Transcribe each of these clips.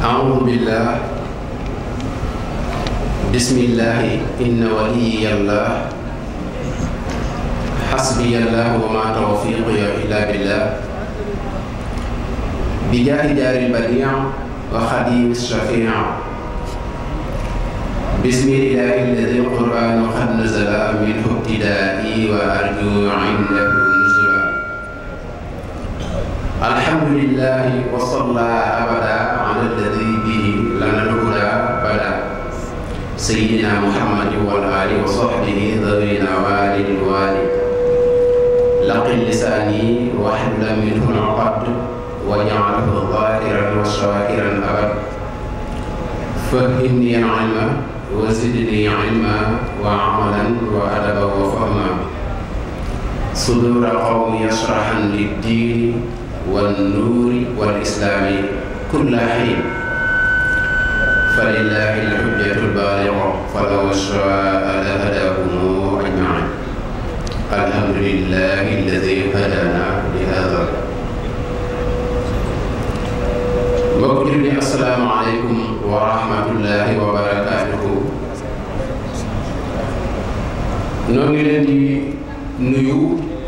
أعوذ بالله بسم الله إن وليي الله حسبي الله وما توفيقي إلا بالله بجاه جار البديع وخديم الشفيع بسم الله الذي القرآن قد نزل منه ابتدائي وأرجو عنده alhamdulillahi wa salla abada ala alladi bihi lana lhuda bada sayyidina muhammadin wa ali wa sahbihi dawina walil wali laqi lisani wahlul minhu al-uqad waj'alhu dhahiran wa shakiran abad fahimni ilma wa zidni ilma wa amalan wa adaban wa fahma sudura qawmi yashrahan lid-din wal nuuri wal islaami kulla xiin falillahi alxujjatu albaaligo falaw shaa la hadaahum ajmain alhamdulillahi alladi hadana li hada mbokk jur ni assalaamu aleykum wa rahmatullahi wa barakaatuhu noo ngi leen di nuyu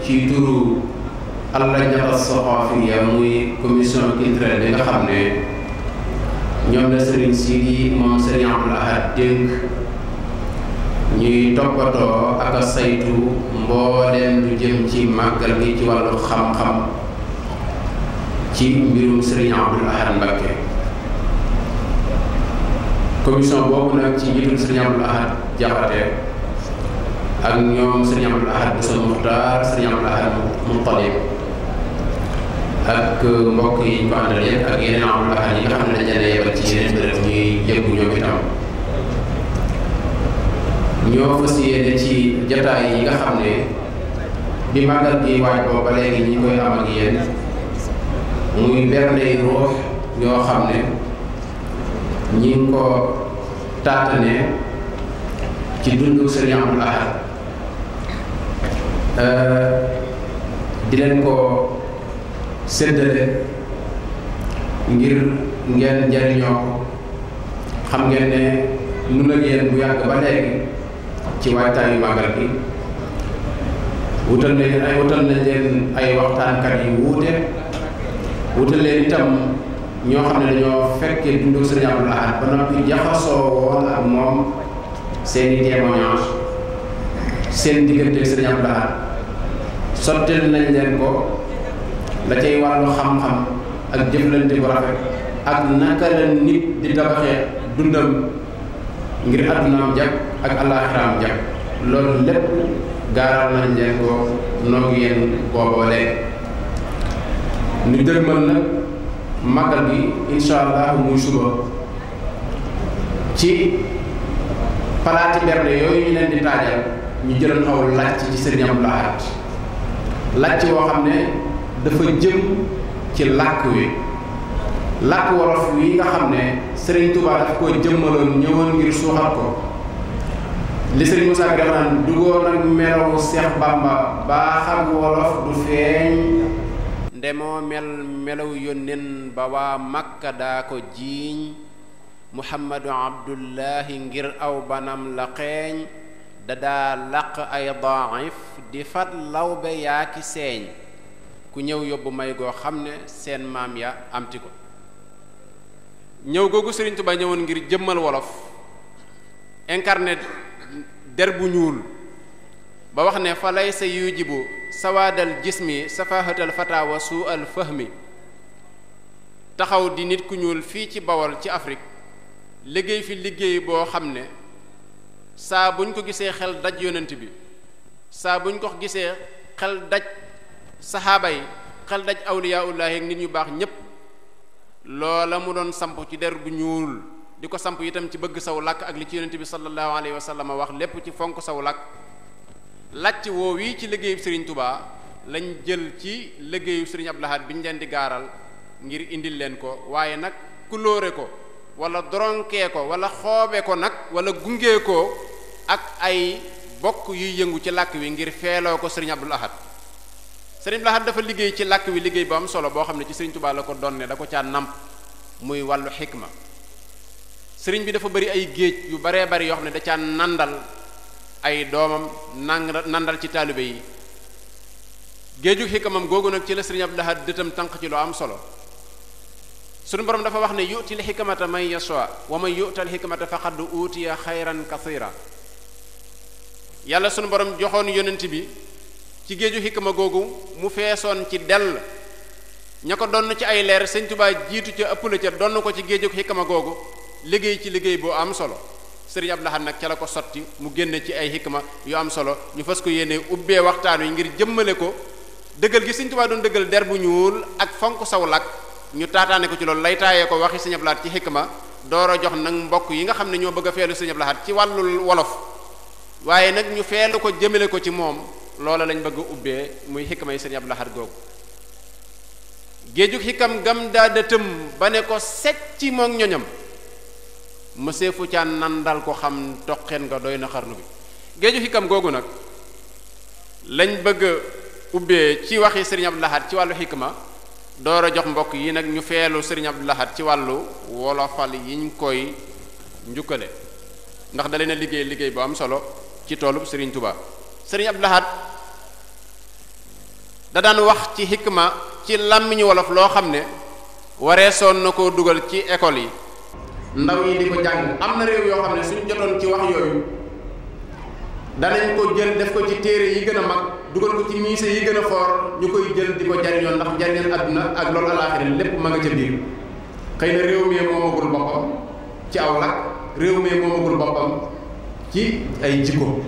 ci turu al lajnata saqaafiya muy commission culturelle bi nga xam ne ñoom la Serigne Sidi moom Serigne Abdoul Ahad dénk ñuy toppatoo ak saytu mbooleem lu jëm ci màggal gi ci wàllu xam-xam ci mbirum Serigne Abdoul Ahad Mbacké commission boobu nag ci njiitul Serigne Abdoul Ahad Jaxate ak ñoom Serigne Abdoul Ahad Bousso Muxtaar Serigne Abdoul Ahad Mutalib ak mbokk yi ñu ko àndal nga xam ne dañ leen yebal ci yeneen bërëb ñuy yëngu ñoom itam ñoo fas yéene ci jataay yi nga xam ne bi màggal gi waaj booba léegi ñi koy am ak yéen muy bernde yi ruux yoo xam ne ñi ngi ko taatane ci dundu sëriñ Abdul Ahad euh, di leen ko séddale ngir ngeen jariñoo ko xam ngeen ne nun ak yéen bu yàgg ba léegi ci waajtaayu màggal bi wutal nañ leen ay waxtaankat yu wuute wutal itam ñoo xam ne dañoo fekkee dundug Sëriñ Abdul Ahad ba noppi jaxasoo woon ak moom seen i témoignage seen diggante Sëriñ Abdul Ahad sottil nañ leen ko la cay wàllu xam-xam ak jëflante bu rafet ak naka la nit di tabaxee dundam ngir addunaam jàpp ak àllaaxiraam jàpp loolu lépp gaaral nañ leen ko noo ngi yéen booboolee ñu dëgmal nag magal bi incha allah muy suba ci palaati berne yooyu ñu leen di taajal ñu jëloon xaw làcc ci sëriñ am laxaat làcc woo xam ne dafa jëm ci làkk wi làkk wolof wi nga xam ne Serigne Touba daf ko jëmmaloon ñëwoon ngir suuxat ko li Serigne Moussa duggoon ak melow Seex Bàmba baa xam wolof du feeñ ndemoo mel melow yónneen ba waa Makka daa ko jiiñ Muhammadu Abdullahi ngir aw banam la xeeñ dadaa làq ay daif di fat lawbe yaa ki seeñ ku ñëw yóbbu may goo xam ne seen maam ya amti ko ñëw googu Serigne ba ñëwoon ngir jëmmal wolof incarné der bu ñuul ba wax ne fa sa sa yujibu sawaadal jismi safahatal fatawa suu al fahmi taxaw di nit ku ñuul fii ci Bawol ci afrig liggéey fi liggéey boo xam ne saa buñ ko gisee xel daj yonent bi saa buñ ko gisee xel daj saxaaba yi xel daj awliyaullahi ak nit ñu baax ñépp loola mu doon samp ci der bu ñuul di ko samp itam ci bëgg saw làkk ak li ci yonente bi sallallahu alayhi wa sallam wax lépp ci fonk saw làkk làcc woo wii ci liggéeyub sëriñ tubaa lañ jël ci liggéeyub sëriñ Abdul Ahad bi ñu leen di gaaral ngir indil leen ko waaye nag kulóore ko walla doronkee ko wala xoobe ko nag wala gunge ko ak ay bokk yuy yëngu ci làkk wi ngir feeloo ko sëriñ Abdul Ahad Serigne Lahad dafa liggéey ci làkk wi liggéey bu am solo boo xam ne ci Serigne Touba la ko donne da ko caa namp muy wàllu xikma Serigne bi dafa bari ay géej yu baree bari yoo xam ne da caa nandal ay doomam nang nandal ci taalibe yi géeju xikmam googu nag ci la Serigne Abdou Lahad dëtam tànq ci lu am solo sunu borom dafa wax ne yu'til xikmata man yasha wa man yu'tal xikmata faqad utiya xayran kasira yàlla sunu borom joxoon yonent bi ci géeju xikma googu mu feesoon ci dell ña ko donn ci ay leer sëñ Tuubaa jiitu ca ëpp la ca donn ko ci géeju xikma googu liggéey ci liggéey boo am solo sëriñ Abdou Lahad nag ca la ko sotti mu génne ci ay xikma yu am solo ñu fas ko yéene ubbee waxtaan wi ngir jëmmale ko dëggal gi sëñ Tuubaa doon dëggal der bu ñuul ak fonk saw làkk ñu taataane ko ci loolu lay taayee ko waxi sëñ Abdou Lahad ci xikma door a jox nag mbokk yi nga xam ne ñoo bëgg a feelu sëñ ci wàllu wolof waaye nag ñu feelu ko jëmale ko ci moom loola lañ bëgg ubbee muy xikma yi sëriñ Abdou Lahad googu géejug xikam gam daada tëm ba ne ko secc moom ñoñam mësee fu caan nandal ko xam toqeen nga doy na xarnu bi géejug xikam googu nag lañ bëgg a ubbee ci waxi sëriñ Abdou Lahad ci wàllu xikma door a jox mbokk yi nag ñu feelu sëriñ Abdou Lahad ci wàllu wolofal yiñ koy njukkale ndax da leen liggéey liggéey bu am solo ci toolub sëriñ Touba. sëriñ Abdul Ahad da daan wax ci xikma ci làmmiñu wolof loo xam ne wareesoon na koo dugal ci école yi ndaw yi di ko jàng am na réew yoo xam ne suñu jotoon ci wax yooyu danañ ko jël def ko ci téere yi gën a mag dugal ko ci miise yi gën a foor ñu koy jël di ko jariñoo ndax njariñal àdduna ak loolu alaaxira lépp ma nga ca biir xëy na réew mi moomagul boppam ci aw làkk réew mi moomagul boppam ci ay jikko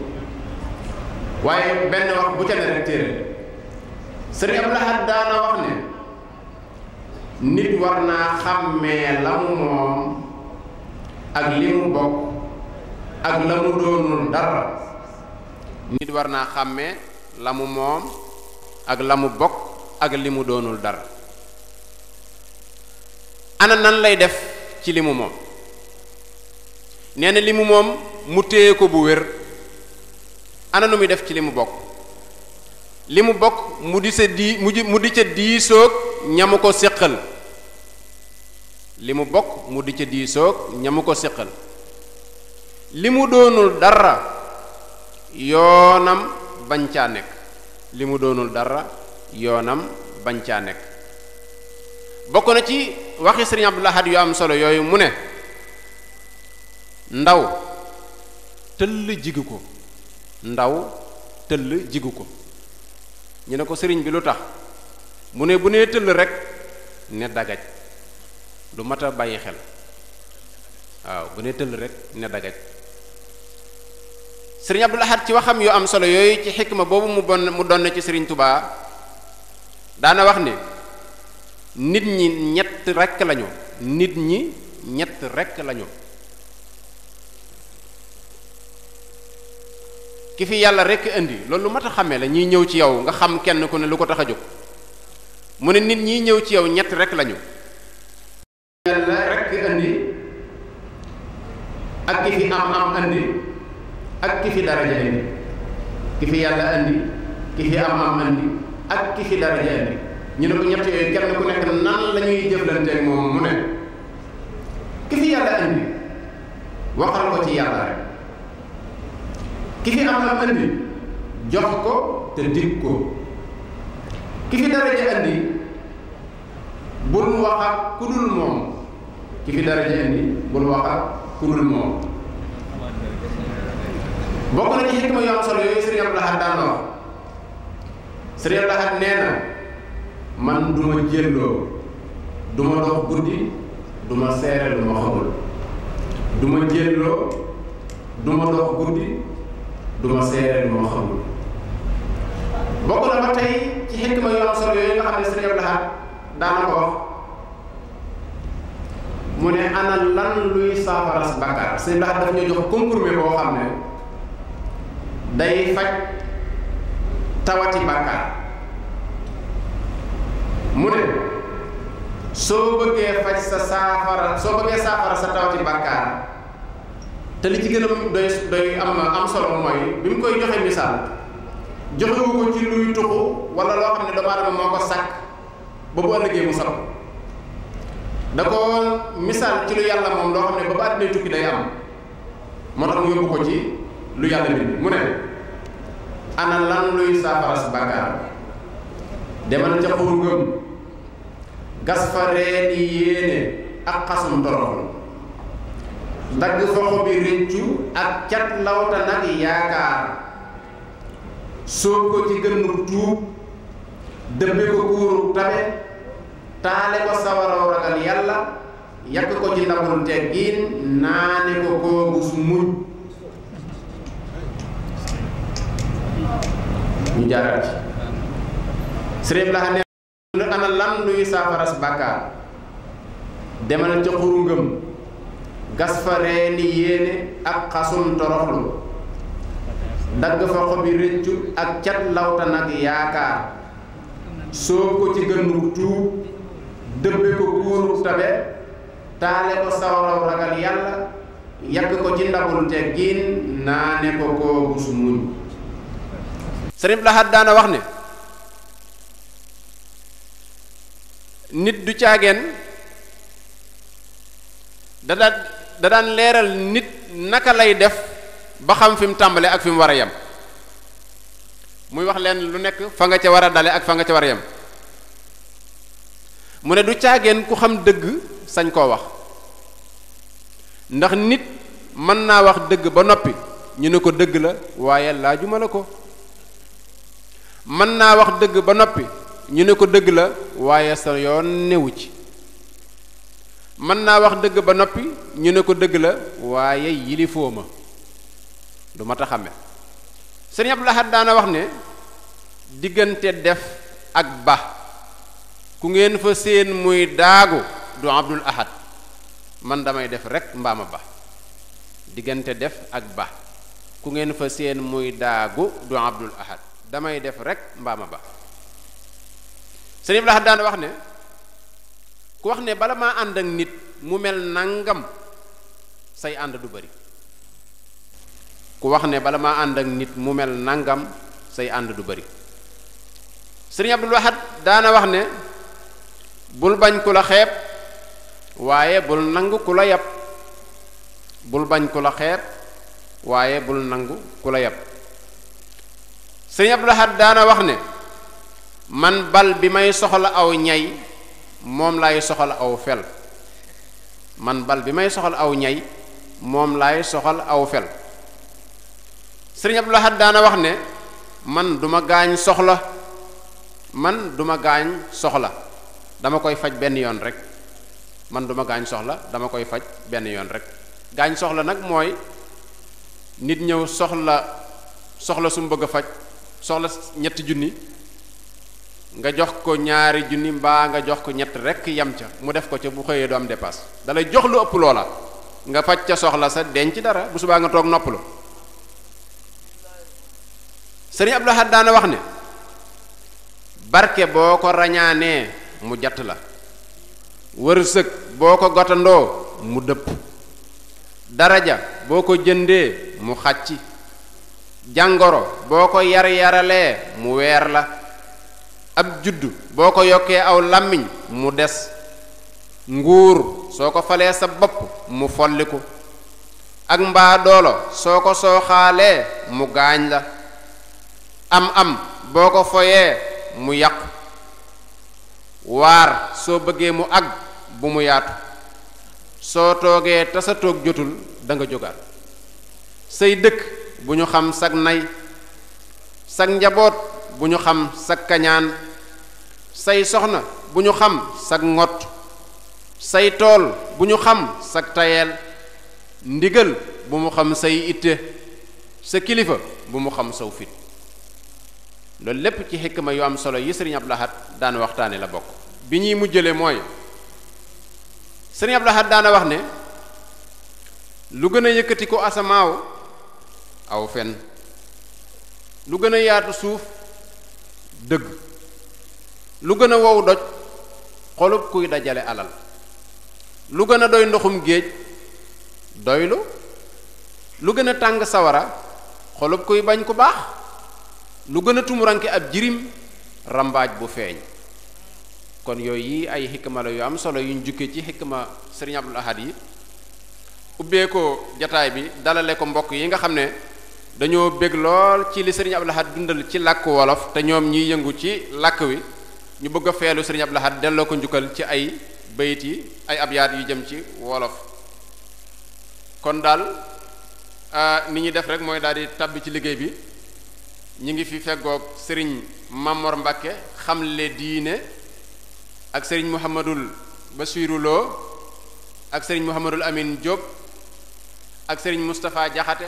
waaye benn wax bu ca ne rek téere sëriñ Abdou Lahad daana wax ne nit war naa xàmmee la mu moom ak li mu bokk ak la mu doonul dara nit war naa xàmmee la mu moom ak la mu bokk ak li mu doonul dara ana nan lay def ci li mu moom nee na li mu moom mu téye ko bu wér ana nu muy def ci li mu bokk li mu bokk mu di sa di mu di ca diisoog ñamu ko séqal li mu bokk mu di ca diisoog ñamu ko séqal li mu doonul dara yoonam bañ caa nekk li mu doonul dara yoonam bañ caa nekk bokk na ci waxi sëriñ Abdul yu am solo yooyu mu ne ndaw tëll jigu ko ndaw tëll jigu ko ñu ne ko sëriñ bi lu tax mu ne bu nee tëll rek ne dagaj lu mat a bàyyi xel waaw bu ne tëll rek ne dagaj sëriñ Abdul Ahad ci waxam yu am solo yooyu ci ma boobu mu bon mu donn ci sëriñ Tubaa daana wax ne nit ñi ñett rekk lañu nit ñi ñett rekk lañu ki fi yàlla rek indi loolu lu mat a xamee la ñiy ñëw ci yow nga xam kenn ku ne lu ko tax a jóg mu ne nit ñi ñëw ci yow ñett rek lañu yàlla indi ak ki fi am am indi ak ki fi daraja indi ki fi yàlla indi ki fi am am indi ak ki fi daraja indi ñu ne ko ñett yooyu kenn ku nekk nan la ñuy jëflanteeg mu ne ki fi yàlla indi waxal ko ci yàlla rek ki fi am la andi jox ko te dig ko ki fi daraja andi bul wax ak ku dul moom ki fi daraja andi bul wax ak ku dul moom bokk na ci xikma yu am solo yooyu Sëriñ Abdou Lahad daan wax nee na man duma jélloo duma dox guddi duma seere ma xamul duma jélloo duma dox guddi du ma seere lu xamul bokk na ba tey ci xikma yu am solo yooyu nga xam ne sëñ Abdou Lahad daana mu ne ana lan luy saafara si bàkkaar sëñ Abdou Lahad daf ñu jox compromis boo xam ne day faj tawati bàkkaar mu ne soo bëggee faj sa saafara soo bëggee saafara sa tawati bàkkaar te li ci gën doy doy am am solo mooy bi mu koy joxe misaal joxewu ko ci luy tuxu wala loo xam ne doomu aadama moo ko sàkk ba bu ëllëgee mu sab da ko misaal ci lu yàlla moom loo xam ne ba ba àddina tukki day am moo tax mu yóbbu ko ci lu yàlla bind mu ne ana lan luy saafara si bàkkaar demal ca xur ngëm gas fa reen yi ak xasum toroxlu dagg soxo bi réccu ak cat lawta nag yaakaar sóob ko ci gënnub tuub dëbbe ko kuurub tabe taale ko sawaraw ragal yàlla yàkk ko ci ndabul teggiin naane ko koogu su muñ ñu jaaraat la xam ne ana lan luy saafaras bàkkaar demal ca xuru ngëm gas fa reeni yéene ak xasum toroxlu dagg fa xobi rëccu ak cat lawtan ak yaakaar soob ko ci gënnu tuub dëbbe ko buuru tabe taale ko sawaraw ragal yàlla yàkk ko ci ndabul teggiin naane ko koobu su muñ sëriñ Lahad daana wax ne nit du caageen da da daan leeral nit naka lay def ba xam fi mu tàmbalee ak fi mu war a yem muy wax leen lu nekk fa nga ca war a dale ak fa nga ca war a yem mu ne du caageen ku xam dëgg sañ koo wax ndax nit mën naa wax dëgg ba noppi ñu ne ko dëgg la waaye laajuma la ko mën naa wax dëgg ba noppi ñu ne ko dëgg la waaye sa yoon newu ci mën naa wax dëgg ba noppi ñu ne ko dëgg la waaye yilifoo ma du ma ta xame sëriñ Abdul daana wax ne diggante def ak ba ku ngeen fa seen muy daagu du Abdul Ahad man damay def rek mbaama ba diggante def ak ba ku ngeen fa seen muy daagu du damay def rek mbaama ba sëriñ Abdul Ahad daana wax ne ku wax ne bala maa ànd ak nit mu mel nangam say ànd du bari ku wax ne bala maa nit mu mel nangam say ànd du bari sëriñ Abdul Wahad bul bañ ku la xeeb waaye bul nangu bul bañ ku la waaye bul nangu ku la yab sëriñ daana wax ne man bal bi may soxla aw ñay moom lay soxal aw fel man bal bi may soxal aw ñay moom lay soxal aw fel sëriñ Abdul Ahad daana wax ne man duma gaañ soxla man duma gaañ soxla dama koy faj benn yoon rek man duma gaañ soxla dama koy faj benn yoon rek gaañ soxla nag mooy nit ñëw soxla soxla su mu bëgg a faj soxla ñetti junni nga jox ko ñaari junni mbaa nga jox ko ñett rekk yam ca mu def ko ca bu xëyee du am dépasse dalay jox lu ëpp loola nga faj ca soxla sa denc dara bu subaa nga toog noppalu sëriñ Abdou Lahad daana wax ne barke boo ko rañaanee mu jatt la wërsëg boo ko gotandoo mu dëpp daraja boo ko jëndee mu xàcci jàngoro boo ko yar yaralee mu weer la ab juddu boo ko yokkee aw làmmiñ mu des nguur soo ko falee sa bopp mu folliku ak mbaadoolo soo ko sooxaalee mu gaañ la am am boo ko foyee mu yàqu waar soo bëggee mu àgg bu mu yaatu soo toogee te sa toog jotul danga nga jógaat say dëkk bu ñu xam sag nay sag njaboot bu ñu xam sag kañaan say soxna bu ñu xam sag ngot say tool bu ñu xam sag tayeel ndigal bu mu xam say itte sa kilifa bu mu xam saw fit loolu lépp ci ma yu am solo yi sëriñ Abdou Lahad daan waxtaane la bokk bi ñuy mujjale mooy sëriñ Abdou Lahad daana wax ne lu gën a yëkkati ko asamaaw aw fen lu gën a yaatu suuf dëgg lu gën a wow doj xolub kuy dajale alal lu gën a doy ndoxum géej doylu lu gën a tàng sawara xolub kuy bañ ku baax lu gën a tumuranke ab jirim rambaaj bu feeñ kon yooyu yi ay xikma la yu am solo yuñ jukkee ci xikma Serigne Abdul yi ubbee ko jataay bi dalale ko mbokk yi nga xam ne dañoo bég lool ci li Serigne Abdul dundal ci làkku wolof te ñoom ñiy yëngu ci làkk wi ñu bëgg a feelu sëriñ Abdou Lahad delloo ko njukkal ci ay bayit yi ay abyaat yu jëm ci wolof kon daal ni ñuy def rek mooy daal tàbb ci liggéey bi ñu ngi fi feggoog sëriñ Mamor Mbacke xamle diine ak sëriñ Mouhamadul Bassirou ak sëriñ Mouhamadul Amin Diop ak sëriñ Moustapha Diakhaté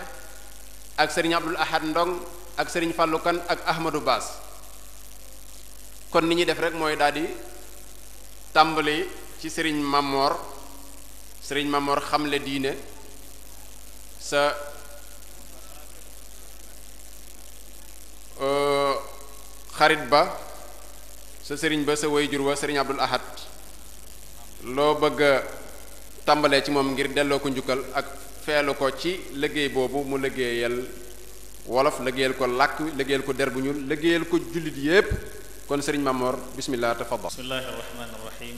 ak sëriñ Abdul Ahad Ndong ak sëriñ Fallou Kane ak Ahmadou Bass kon ni ñuy def rek mooy daal di tàmbali ci sëriñ Mamor sëriñ Mamor xamle diine sa euh, xarit ba sa sëriñ ba sa jur wa sëriñ Abdul Ahad loo bëgg a tàmbalee ci moom ngir delloo ko njukkal ak feelu ko ci liggéey boobu mu liggéeyal wolof liggéeyal ko làkk liggéeyal ko der bu ñuul liggéeyal ko jullit yépp kon sëriñ Mamor bismillah tafaddal bismillahir rahmanir rahim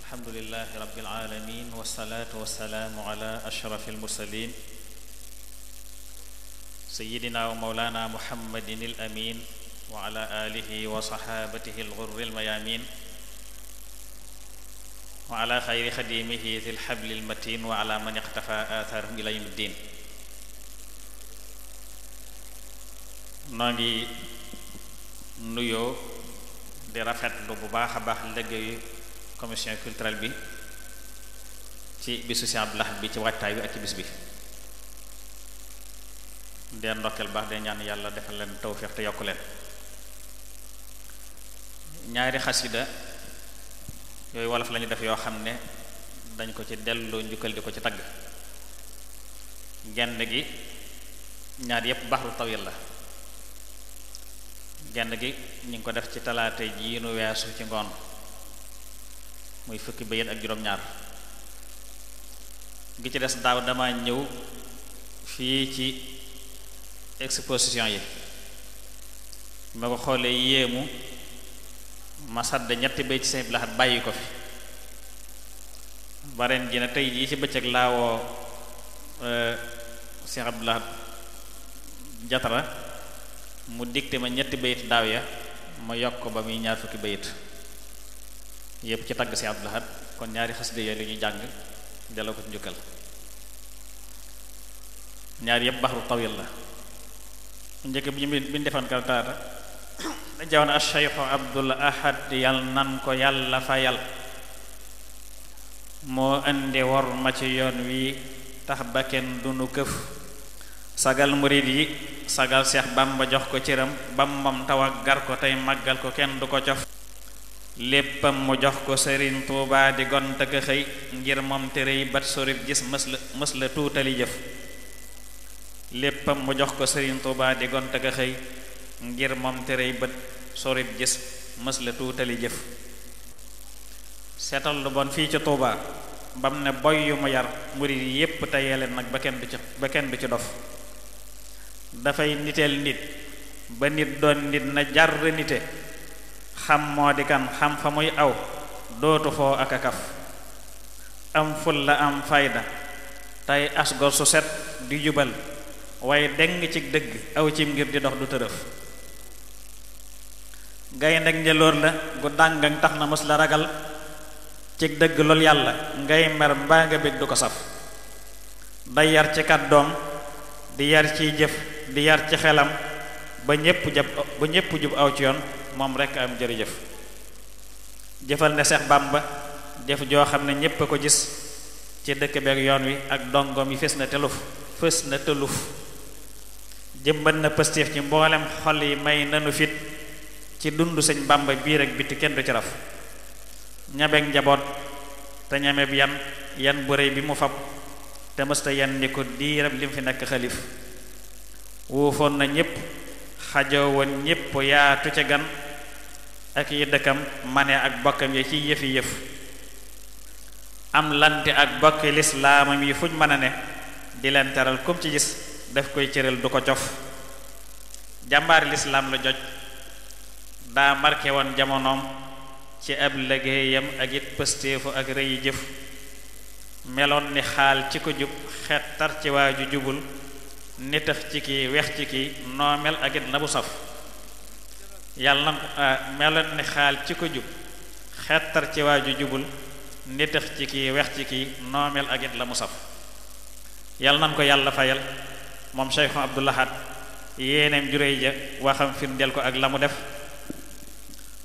alhamdulillahi rabbil alamin wassalatu wassalamu ala ashrafil mursalin sayyidina wa mawlana muhammadin al amin wa ala alihi wa sahabatihi al ghurril mayamin wa ala xayri xadimihi dhil hablil matin wa ala man iqtafa atharahum ila yawmiddin noo ngi nuyoo rafet rafetlu bu baax a baax liggéeyu commission culturelle bi ci bisu Sëriñ Abdou Lahad bi ci waajtaay bi ak ci bis bi dee ndokkeel baax de ñaan yàlla defal leen tawfeex te yokk leen ñaari xasida yooyu wolof lañu def yoo xam ne dañ ko ci delloo njukkal di ko ci tagg genn gi ñaar yépp baxru tawil la genn gi ñu ngi ko def ci talaate jii nu ci ngoon muy fukki bayit ak juróom-ñaar gi ci des daaw dama ñëw fii ci exposition yi ma ko xoolee yéemu ma sàdd ñetti bay ci seen bilaxat bàyyi ko fi bareen ji na tey jii ci bëccëg laawoo Cheikh euh, Abdoulahat Jatara mu dicté ma ñetti bayit daaw ya ma yokk ba muy ñaar fukki bayit yépp ci tagg si Abdul Ahad kon ñaari xasida yooyu ñu jàng delloo ko ci njukkal ñaar yépp baxru tawil la njëkk bi ñu bi ñu defan kartaata da jawoon Abdul Ahad yal nan ko yàlla fayal moo indi war ma ci yoon wi tax ba kenn dunu këf sagal murid yi sagal Seex Bamba jox ko cëram bambam tawag gar ko tey màggal ko kenn du ko cof léppam mu jox ko Sëriñ Tuubaa di gont ak xëy mu jox ko Sëriñ Tuubaa xëy ngir moom te rëy bët sorib gis mës la tuutali jëf seetal lu bon fii ci Tuubaa bam ne boy yu mu yar murid yépp teyee leen nag ba kenn du ci ba kenn du ci dof dafay niteel nit ba nit doon nit na jar nite xam moo di kan xam fa muy aw dootu foo ak a kaf am ful la am fayda tey asgor su set di jubal waaye deng ci dëgg aw cim ngir di dox du tërëf gaynde ak la gu dàngan tax na mos la ragal ci dëgg lool yàlla ngay mer mbaa nga bég du ko saf day yar ci kàddoom di yar ciy jëf di yar ci xelam ba ñépp jab ba jub aw ci yoon moom rekk am jërëjëf jëfal ne Seex Bàmba jëf joo xam ne ñépp a ko gis ci dëkk beeg yoon wi ak dongoom yi fës na teluf fës na teluf jëmbat na pëstéef ci mboolem xol yi may nanu fit ci dund sëñ Bàmba biir ak biti kenn du ci raf ñabeeg njaboot te ñameeb yan yan bu réy bi mu fab te mësta yan ni ko diiram lim fi nekk xalif wóofoon na ñépp xajoo woon ñépp yaatu ca ak yi dëkkam mane ak bokkam yi ci yëfi yëf am lante ak bokki lislaamam yi fuñ mën a ne di leen teral kum ci gis daf koy cëral du ko cof jàmbaari lislaam la joj daa marke woon jamonoom ci ab liggéeyam ak it pëstéefu ak rëyi jëf meloon ni xaal ci ko jub xettar ci waa jubul nitax ci kii weex ci kii noo mel ak it saf yàlla na ah, meloon ni xaal ci ko jub xettar ci waa jubul nitax ci kii weex ci kii noo mel la mu saf yàlla nan ko yàlla fayal moom Cheikh Abdoul Ahad yéeneem juréy ja waxam firndeel ko ak la mu def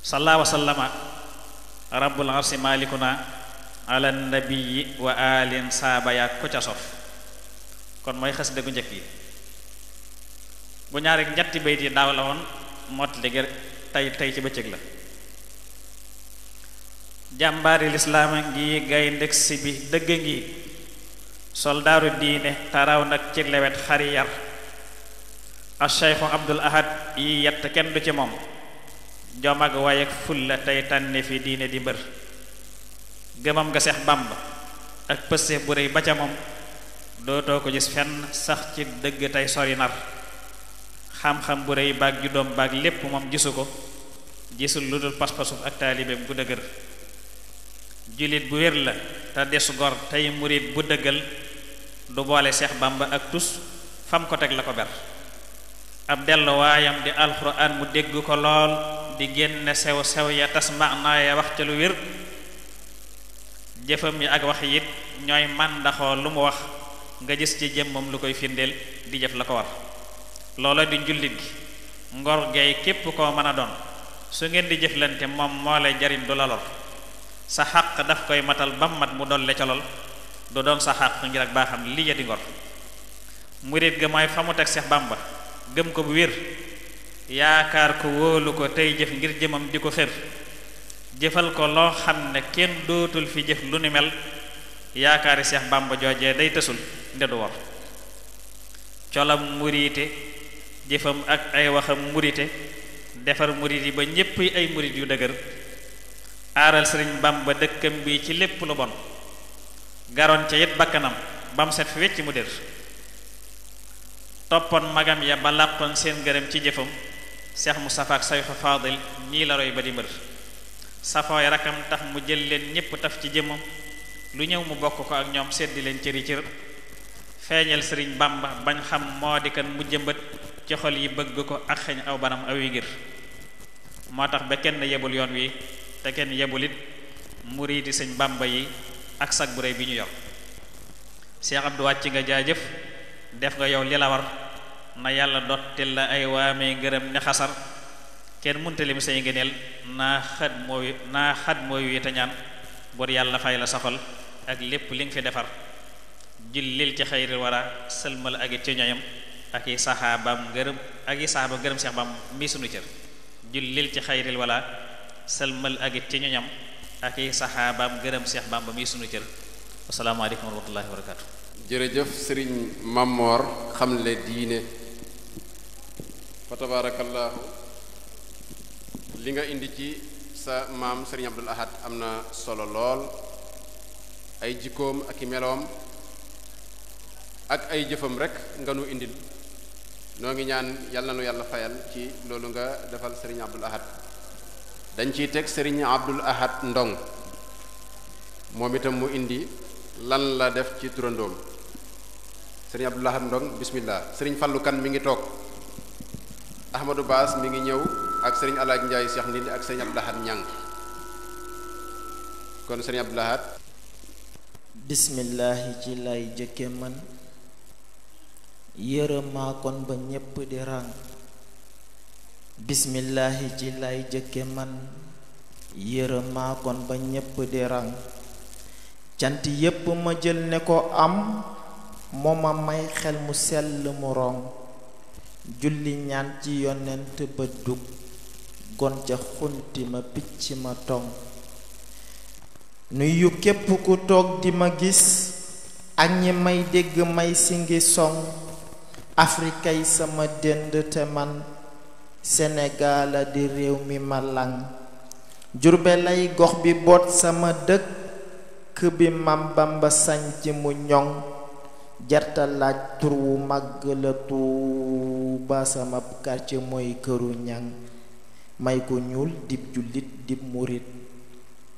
sallaa wa sallama rabbul arsi malikuna ala nabiyi wa alin saaba yaa ko ca sof kon mooy xas dëggu njëkk yi bu ñaari ñetti bayit yi daaw la woon mottali gër tey tey ci bëccëg la jàmbaari lislaama ngi gayndeg si bi dëgg ngi soldaaru diine taraw nag ci lewet xari yar abdul ahad yi yett kenn du ci moom jom ak way ak fulla tey tànne fi diine di mbër gëmam nga seex bàmb ak pëstéef bu réy ba ca moom dootoo ko gis fenn sax ci dëgg tey sori nar xam-xam bu rëy baag ju doom baag lépp moom gisu ko gisul lu dul pas-pasuf ak taalibeem bu dëgër jullit bu wér la te des gor tey murit bu dëggal du boole Seex Bàmba ak tus fam ko teg la ko ber ab delluwaayam di alxuraan mu dégg ko lool di génn sew sew ya tas maanaa wax ca lu wér jëfam yi ak wax it ñooy màndaxoo lu mu wax nga gis ci jëmmam lu koy firndeel di jëf la ko war loola di jullit gi ngor gay képp koo mën a doon su ngeen di jëflante moom moo lay jariñ du la lor sa xàq daf koy matal bam mat mu dolle ca du doon sa xàq ngir ak baaxam lii ya di ngor murit ga mooy fa mu teg Seex Bàmba gëm ko bu wér yaakaar ko wóolu ko tey jëf ngir jëmam di ko xër jëfal ko loo xam ne kenn dootul fi jëf lu ni mel yaakaari Seex Bàmba joojee day tësul nde du wor colam muriite jëfam ak ay waxam murite defar murit yi ba ñépp ay murit yu dëgër aaral sëriñ Bamba dëkkam bii ci lépp lu bon garoon ca it bakkanam bam set fi wecc mu dér toppoon magam ya ba làppoon seen gërëm ci jëfam Seex Mustafa ak Sayxu Faadil ñii la roy ba di mbër safooy rakam tax mu jël leen ñépp taf ci jëmmam lu ñëw mu bokk ko ak ñoom seddi leen cëri cër feeñal sëriñ Bamba bañ xam moo di kan mu jëmbët ci yi bëgg ko ak xeeñ aw banam aw yi ngir moo tax ba kenn yebul yoon wi te kenn yebul it yebulit muriidi sëñ bàmba yi ak sag bu rëy bi ñu yor Cheikh Abdou wàcc nga jaajëf def nga yow li la war na yàlla dottil la ay waamee ngërëm ne xasar kenn munta lim say ngëneel naa xat mooy naa xat mooy wi te ñaan bor yàlla fay la saxal ak lépp li nga fi defar jullil ci xayril wara sëlmal ak it ci ñoñam ak i saxaabaam ngërëm ak i saxaaba ngërëm Seex Bamba mi sunu cër jullil ci xayril wala salmal agit ci ñoñam ak i saxaabaam ngërëm Seex Bamba mi sunu cër asalaamaaleykum wa rahmatullahi wa jërëjëf sëriñ Mamor xamle diine fa tabaarakallaahu li nga indi ci sa maam sëriñ Abdul Ahad am na solo lool ay jikkoom ak i meloom ak ay jëfam rek nga nu indil noo ngi ñaan yàlla nu yàlla fayal ci loolu nga defal sëriñ Abdul Ahad dañ ciy teg sëriñ Abdul Ahad Ndong moom itam mu indi lan la def ci turandoom sëriñ Abdul Ahad Ndong bismillah sëriñ Fallou Kane mi ngi toog Ahmadou Baas mi ngi ñëw ak sëriñ Alaaj Njaay Seex Ndindi ak sëriñ Abdul Ahad Ñang kon sëriñ Abdul Ahad bismillahi ci lay jëkke man yërëm kon ba ñépp di ràng bismillaahi ci lay jëkke man yërëm ba ñépp di ràng cant yépp ma jël ne ko am moo ma may xel mu sell mu rong julli ñaan ci yonent ba dug gon ca xunti ma picc ma tong nuyu képp ku toog di ma gis ak ñi may dégg may si ngi song afrika yi sama dënd te man sénégala di réew mi ma lang Jurbel lay gox bi boot sama dëkk bi Mam Bamba sanc mu ñoŋ jarta laaj tur wu màgg la Tuuba sama quartier mooy këru ñaŋ may ko ñuul dib jullit dib murit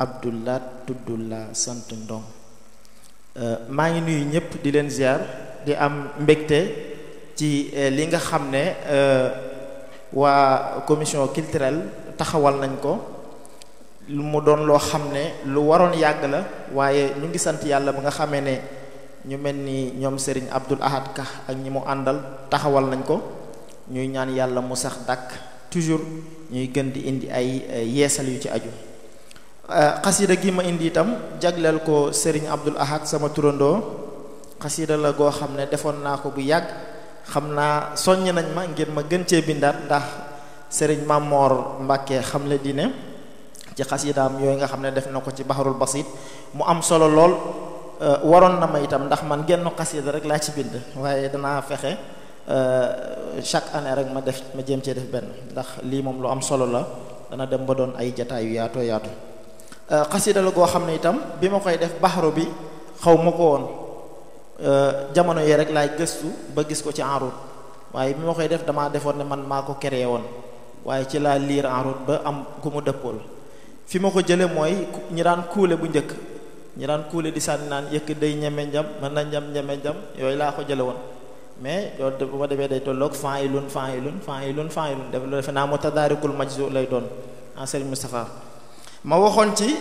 abdullah tuddullah sant ndong euh, maa ngi nuyu ñépp di leen ziar di am mbégte ci eh, li nga xam ne euh, waa commission culturelle taxawal nañ ko lu mu doon loo xam ne lu waroon yàgg la waaye ñu ngi sant yàlla ba nga xamee ne ñu mel ni ñoom sëriñ Abdoul Ahad Ka ak ñi mu àndal taxawal nañ ko ñuy ñaan yàlla mu sax dàkk toujours ñuy gën di indi ay yeesal yu ci aju euh, xasida gi ma indi itam jagleel ko sëriñ Abdoul Ahad sama turandoo xasida la goo xam ne defoon naa ko bu yàgg xam naa soññ nañ ma ngir ma gën cee bindaat ndax sëriñ Mamor Mbàkke xamle di ne ci xasidaam yooyu nga xam ne def na ko ci Baharul Basit mu am solo lool euh, waroon na ma itam ndax man genn xasida rek laa ci bind waaye danaa fexe euh, chaque année rek ma def ma jéem cee def benn ndax lii moom lu am solo la dana dem ba doon ay jataay yu yaatoo yaatu euh, la goo xam ne itam bi ma koy def baxaru bi xaw ma ko woon Euh, jamono yee rek laay gëstu ba gis ko ci enroute waaye bi ma koy def damaa defoon ne man maa ko créé woon waaye ci laa liir enroute ba am ku mu dëppool fi ma ko jële mooy ñi daan kuule bu njëkk ñi daan kuule di sànni naan yëkk day ñeme njam mën na njam ñeme njam yooyu laa ko jële woon mais loolu bu ma demee day tolloog fan yi lun fan yi lun fan yi lun fan fen lun def loolu defe naa mu tadaarikul majzu lay doon en Serigne Moustapha ma waxoon ci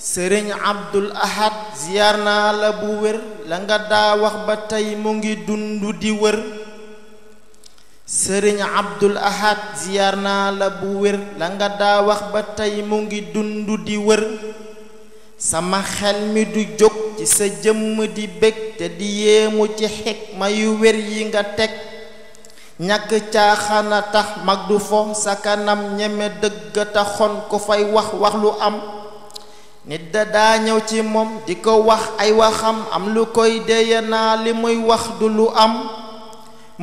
sëriñ abdul ahad ziyaar naa la bu wér la nga daa wax ba tey mu ngi dund di wër sëriñ abdul ahad ziyaar naa la bu wér la nga daa wax ba tey mu ngi dund di wër sama xel mi du jóg ci sa jëmm di bég te di yéemu ci xikma yu wér yi nga teg ñàkk caaxaana tax mag du fo sa kanam ñeme dëgg taxoon ku fay wax wax lu am nit da daa ñëw ci moom di ko wax ay waxam am lu koy déye naa li muy wax du lu am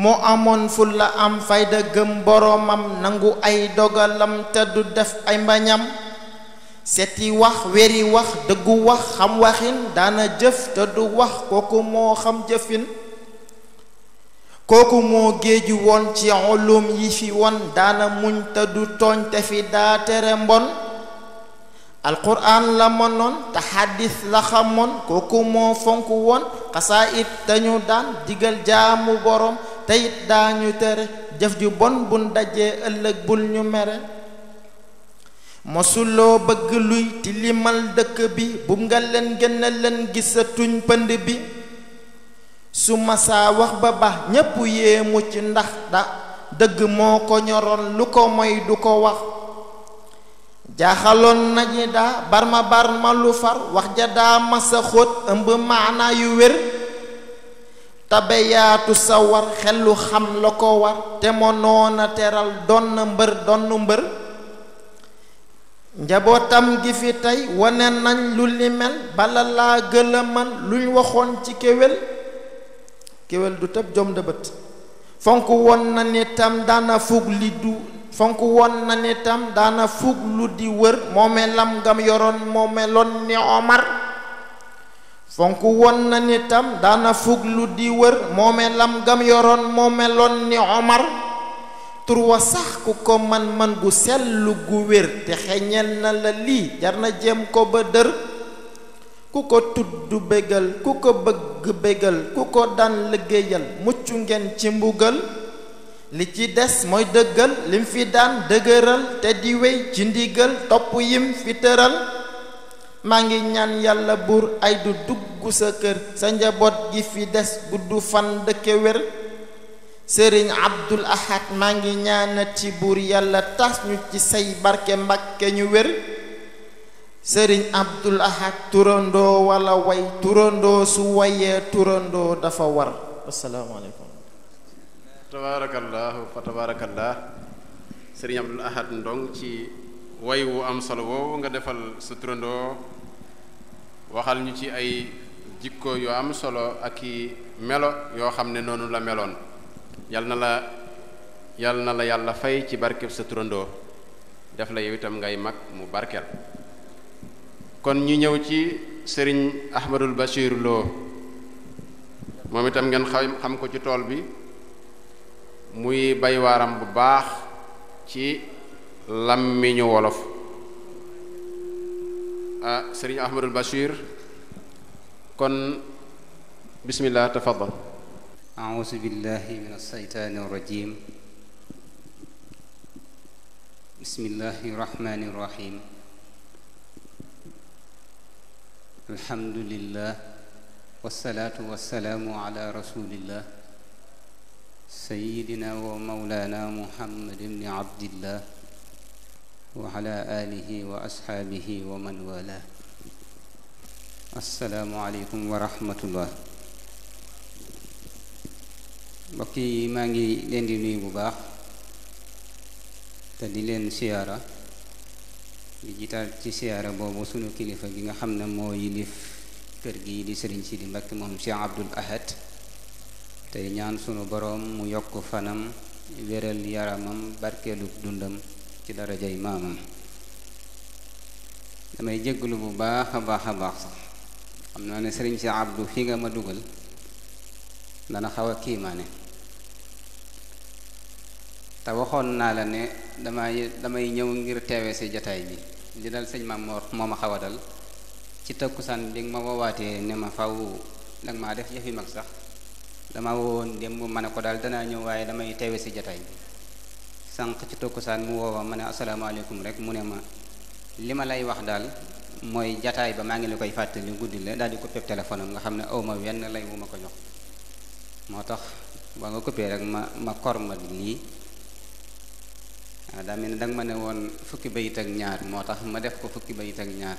moo amoon ful la am fayda gëm boroomam nangu ay dogalam te du def ay mbañam seti wax weri wax dëggu wax xam waxin daana jëf te du wax kooku moo xam jëfin kooku moo géeju woon ci ulum yi fi won daana muñ te du tooñ te fi daa tere mbon alquran la mënoon te xadis la xamoon kooku moo fonk woon xasaayit dañu daan digal jaamu borom te it daañu tere jëf ju bon bun dajee ëllëg bul ñu mere mosuloo bëgg luy tilimal dëkk bi bu nga leen gën a pënd bi su masaa wax ba baax ñépp yéemu mucc ndax da dëgg moo ko ñoroon lu ko moy du ko wax jaaxaloon na ji daa barma barma lu far wax ja daa masa xóot ëmb maanaa yu wér tabeyaatu sa war xelu xam la ko war te moo noona teral donn mbër donn mbër njabootam gi fi tey wane nañ lu li bala la gëla man luñ waxoon ci kéwél kéwél du tëb jom dëbët fonk woon na nitam daana fug li du fonk woon na ne tam daana fuglu di wër moomelam ngam yoroon di wër moomelam yoroon moomeloon ni Omar tur wa sax ku ko man man gu sellu gu wér te xeñel na la lii jar na jëm ko ba dër ku ko tudd bégal ku ko bëgg bégal ku ko daan liggéeyal mucc ngeen ci mbugal li ci des mooy dëggal lim fi daan dëgëral te di wéy ci ndigal topp yim fi tëral maa ngi ñaan yàlla buur ay du dugg sa kër sa njaboot gi fi des gudd fan dëkke wér sëriñ abdul ahad maa ngi ñaana ci buur yàlla tas ñu ci say barke mbakke ñu wér sëriñ abdul ahad turandoo walla way turandoo su wayee turandoo dafa war asalaamaaleykum tabaarakallaahu fa tabaarakallaah sëriñ Abdul Ahad Ndong ci way wu am solo woowu nga defal sa turandoo waxal ñu ci ay jikko yu am solo ak melo yoo xam ne noonu la meloon yal na la yal na la yàlla fay ci barkeb sa turandoo def la yow itam ngay mag mu barkeel kon ñi ñëw ci sëriñ Ahmadul Bachir Lo moom itam ngeen xam xam ko ci tool bi muy bay waaram bu baax ci làmmiñu wolof ah ahmadul bashir kon bismillah tafaddal a'uuzu billahi min alseytaani irrajim bismillahi irrahmani sayyidina wa mawlaana muhammad ibni abdillah wa ala aalihi wa asxaabihi wa man waalaa assalaamu aleykum wa rahmatullah mbokk maa ngi leen di nuyu bu baax te di leen siyaara di jiitaal ci siyaara boobu sunu kilifa gi nga xam ne moo yilif kër gi di sëriñ si di Mbàkke moom Cheikh Abdul Ahad tey ñaan sunu boroom mu yokk fanam wéral yaramam barkeelu dundam ci darajay maamam damay jégalu bu baax a baax a baax sax xam naa ne sëriñ si Abdou fi nga ma dugal dana xaw a kiimaane te waxoon naa la ne damay damay ñëw ngir teewe si jataay bi li dal sëñ Maam moo ma xaw a dal ci takkusaan bi nga ma woowaatee ne ma faw danga maa def jëfi mag sax dama woowoon démb ma ne ko daal danaa ñëw waaye damay teewe si jataay bi sànq ci tokkusaan mu woowa ma ne asalaamaaleykum rek mu ne ma li ma lay wax daal mooy jataay ba maa ngi la koy fàttali guddi la daal di coupé téléphone am nga xam ne aw ma wenn lay wu ma ko jox moo tax ba nga coupé rek ma ma kor ma lii waaw daa mel ne danga ma ne woon fukki bayit ak ñaar moo tax ma def ko fukki bayit ak ñaar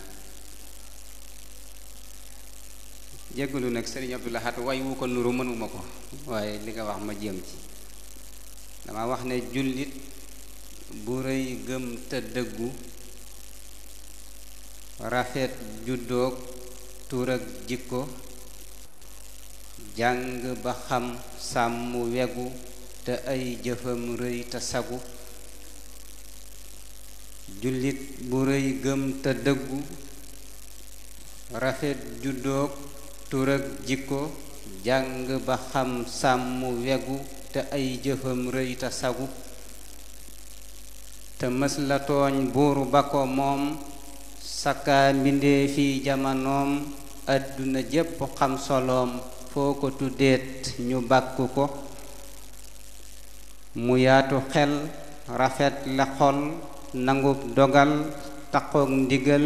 jéggalu nag sëriñ Abdou Lahad way wu ko nuru mënuma ko waaye li nga wax ma jéem ci dama wax ne jullit bu rëy gëm te dëggu rafet juddoog tur ak jikko ba xam sàmm wegu te ay jëfam rëy te bu rëy gëm dëggu rafet juddoog tur ak jikko jàng ba xam sàmm wegu te ay jëfam rëy te sagu te mës la tooñ buuru ba ko moom sakkaa mbindee fi jamanoom àdduna jépp xam soloom foo ko tuddeet ñu bàkk ko mu yaatu xel rafet la nangu dogal taqoog ndigal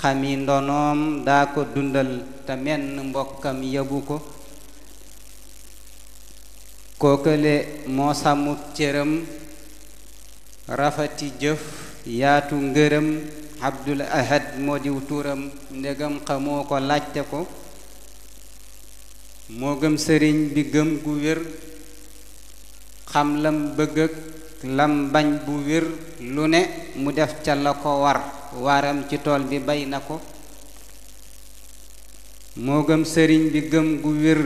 xami ndonoom daa ko dundal menn mbokkam yabu ko kookale moo sàmmut cëram rafati jëf yaatu ngërëm abdul ahad moo diw turam ndegam xamoo ko laajte ko moo gëm sëriñ bi gëm gu wér xam lam bëgg ak lam bañ bu wér lu ne mu def ca la ko war waaram ci tool bi bay na ko moo gëm sëriñ bi gëm gu wér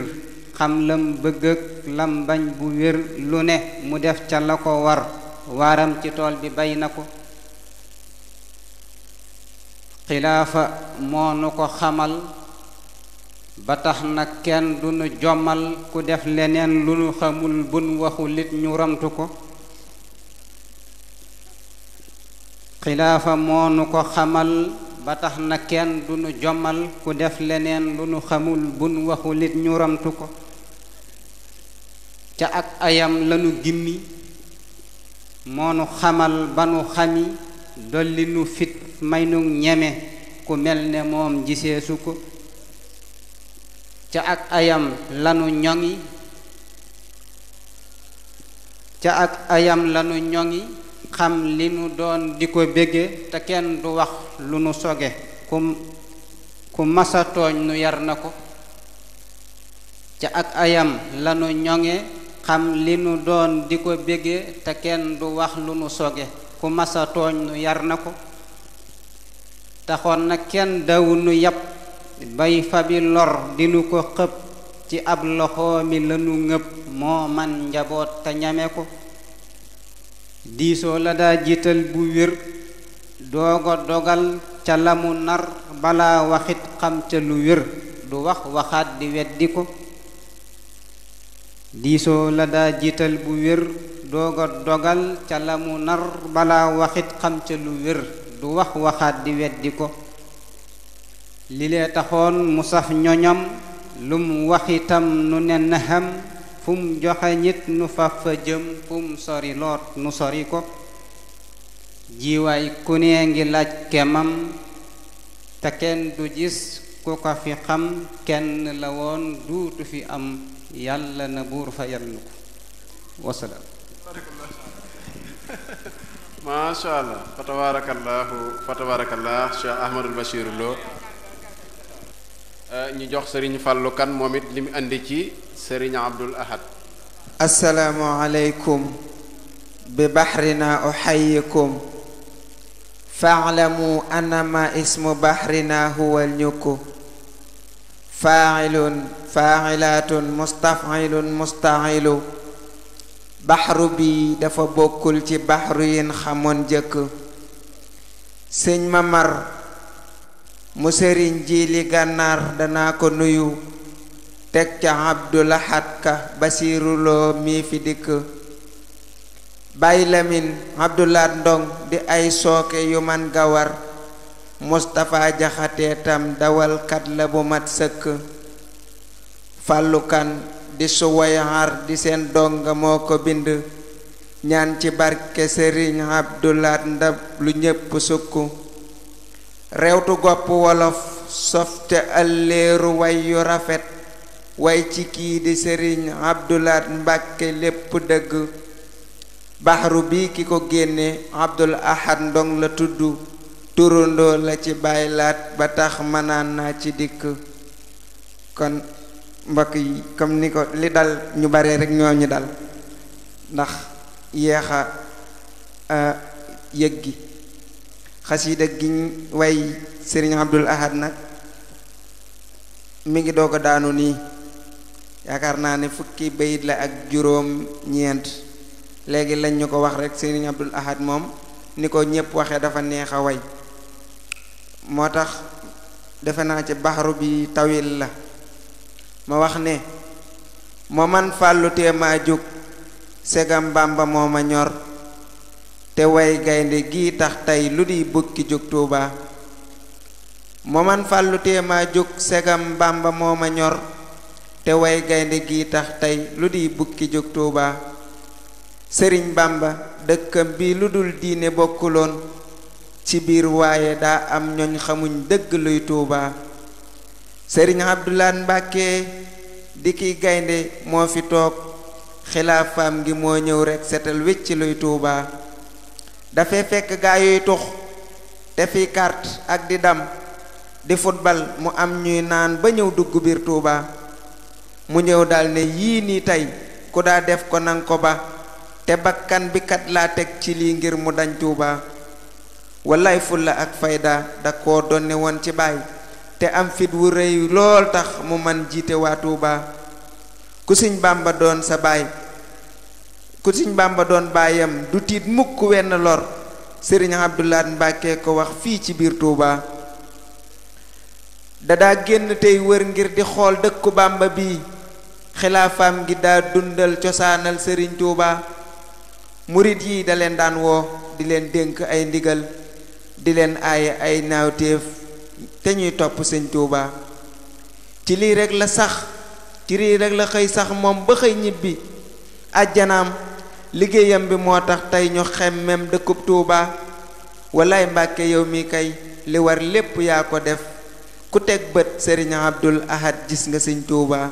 xam lam bëgg ak lam bañ bu wér lu ne mu def ca la ko war waaram ci tool bi bay na ko xilaafa moo nu ko xamal ba tax na kenn du nu jommal ku def leneen lu nu xamul bun waxul it ñu ramtu ko xilaafa moo nu ko xamal ba tax na kenn du nu jommal ku def leneen lu nu xamul bun waxulit ñu ramtu ko ca ak ayam lanu gimmi moo nu xamal ba nu xami dolli nu fit may nu ñeme ku mel ni moom giseesu ko ca ak ayam lanu ñoŋi ca ak ayam lanu ñoŋi xam li nu doon di ko béggee te kenn du wax lu nu soge ku ku masa tooñ nu yar na ko ca ak ayam lanu ñonge xam li nu doon di ko béggee te kenn du wax lu nu soge ku masa tooñ nu yar na ko taxoon na kenn dawu nu yàpp bay fabi lor di nu ko xëpp ci ab loxo mi lanu ngëb moo man njaboot te ñame ko diisoo la daa jiital bu wér dooga dogal ca lamu nar la daa jiital bu wér dooga dogal ca lamu nar bala waxit xam ca lu wér du wax waxaat di weddi ko li lee taxoon mu saf ñoñam lu mu waxitam nu ne naxam fu mu joxe ñit nu faf fa jëm fu sori loot nu sori ko jiwaay ku nee ngi laaj kemam te kenn du gis ku ko fi xam kenn la woon duutu fi am yàlla na buur fa yal ko wasalaam fa tabarakallahu fa tabarakallah cheikh ahmadul bashir Euh, ñu jox sëriñ Fallou kan moom it li mu indi ci sëriñ Abdul Ahad assalaamu aleykum bi bahrina uxayikum faalamu annama ismu bahrina huwa alñukku failun failatun mustafilun mustailu baxru bi dafa bokkul ci baxru yin xamoon jëkk sëñ Mamar mu sëriñ ji li gànnaar dana ko nuyu teg ca abdulahat ka basiiruloo mii fi dikk bàyyi lamin abdulaat ndong di ay sooke yu gawar mustapha jaxate dawalkat la bu mat sëkk fàllukan di suwayhar di seen donga moo ko bind ñaan ci barke sëriñ abdulaat ndab lu ñépp sukk rewtu gopp wolof sof alleeru way yu rafet way ci kii di sëriñ abdulaat mbàkke lépp dëgg baxaru bi ki ko génne abdul ahad ndong la tudd turandoo la ci baylaat ba tax mënaan naa ci dikk kon mbokk yi ni ko li dal ñu bare rekk ñoo ñu dal ndax yéexa yëg gi xasiida giñ way sëriñ Abdul Ahad nag mi ngi doog daanu nii yaakaar naa ne fukki bayit la ak juróom ñeent léegi lañ ñu ko wax rek sëriñ Abdul Ahad moom ni ko ñépp waxee dafa neex a way moo tax defe naa ci baxaru bi tawil la ma wax ne moo man fàllu tee maa jóg segam Bàmba moo ma ñor te way gaynde gi tax tey lu di bukki jóg tuuba moo man fàllu téema jóg segam bàmba moo ma ñor te way gaynde gi tax tey lu di bukki jóg tuuba sëriñ bàmba dëkkam bi lu dul diine bokkuloon ci biir waaye daa am ñoñ xamuñ dëgg luy tuuba sëriñ abdulaan mbàkke di kiy gaynde moo fi toog xilaafaam gi moo ñëw rekk setal wécc luy tuuba dafay fekk gaa yuy tux te fi carte ak di dam di football mu am ñuy naan ba ñëw dugg biir Tuuba mu ñëw dal yii nii tey ku daa def ko nang ko ba te bakkan bi kat laa teg ci lii ngir mu dañ Tuuba wallaay fulla ak fayda da koo donne woon ci baay te am fit wu rëy lool tax mu man jiite waa Tuuba ku Sëñ ba doon sa baay ku Sëñ Bàmba doon baayam du tiit mukk wenn lor sëriñ Abdoulaat Mbàkke ko wax fii ci biir Tuuba dadaa génn tey wër ngir di xool dëkku Bàmba bi xilaafaam gi daa dundal cosaanal sëriñ Tuuba murit yi daleen daan woo di leen dénk ay ndigal di leen aaye ay naawteef te ñuy topp sëñ Tuuba ci lii rek la sax ci lii rek la xëy sax moom ba xëy ñibbi àjjanaam liggéeyam bi moo tax tey ñu xemmem dëkkub Tuuba walaay Mbàkke yow mi kay li war lépp yaa ko def ku teg bët Sëriñ Abdul Ahad gis nga Sëñ Tuuba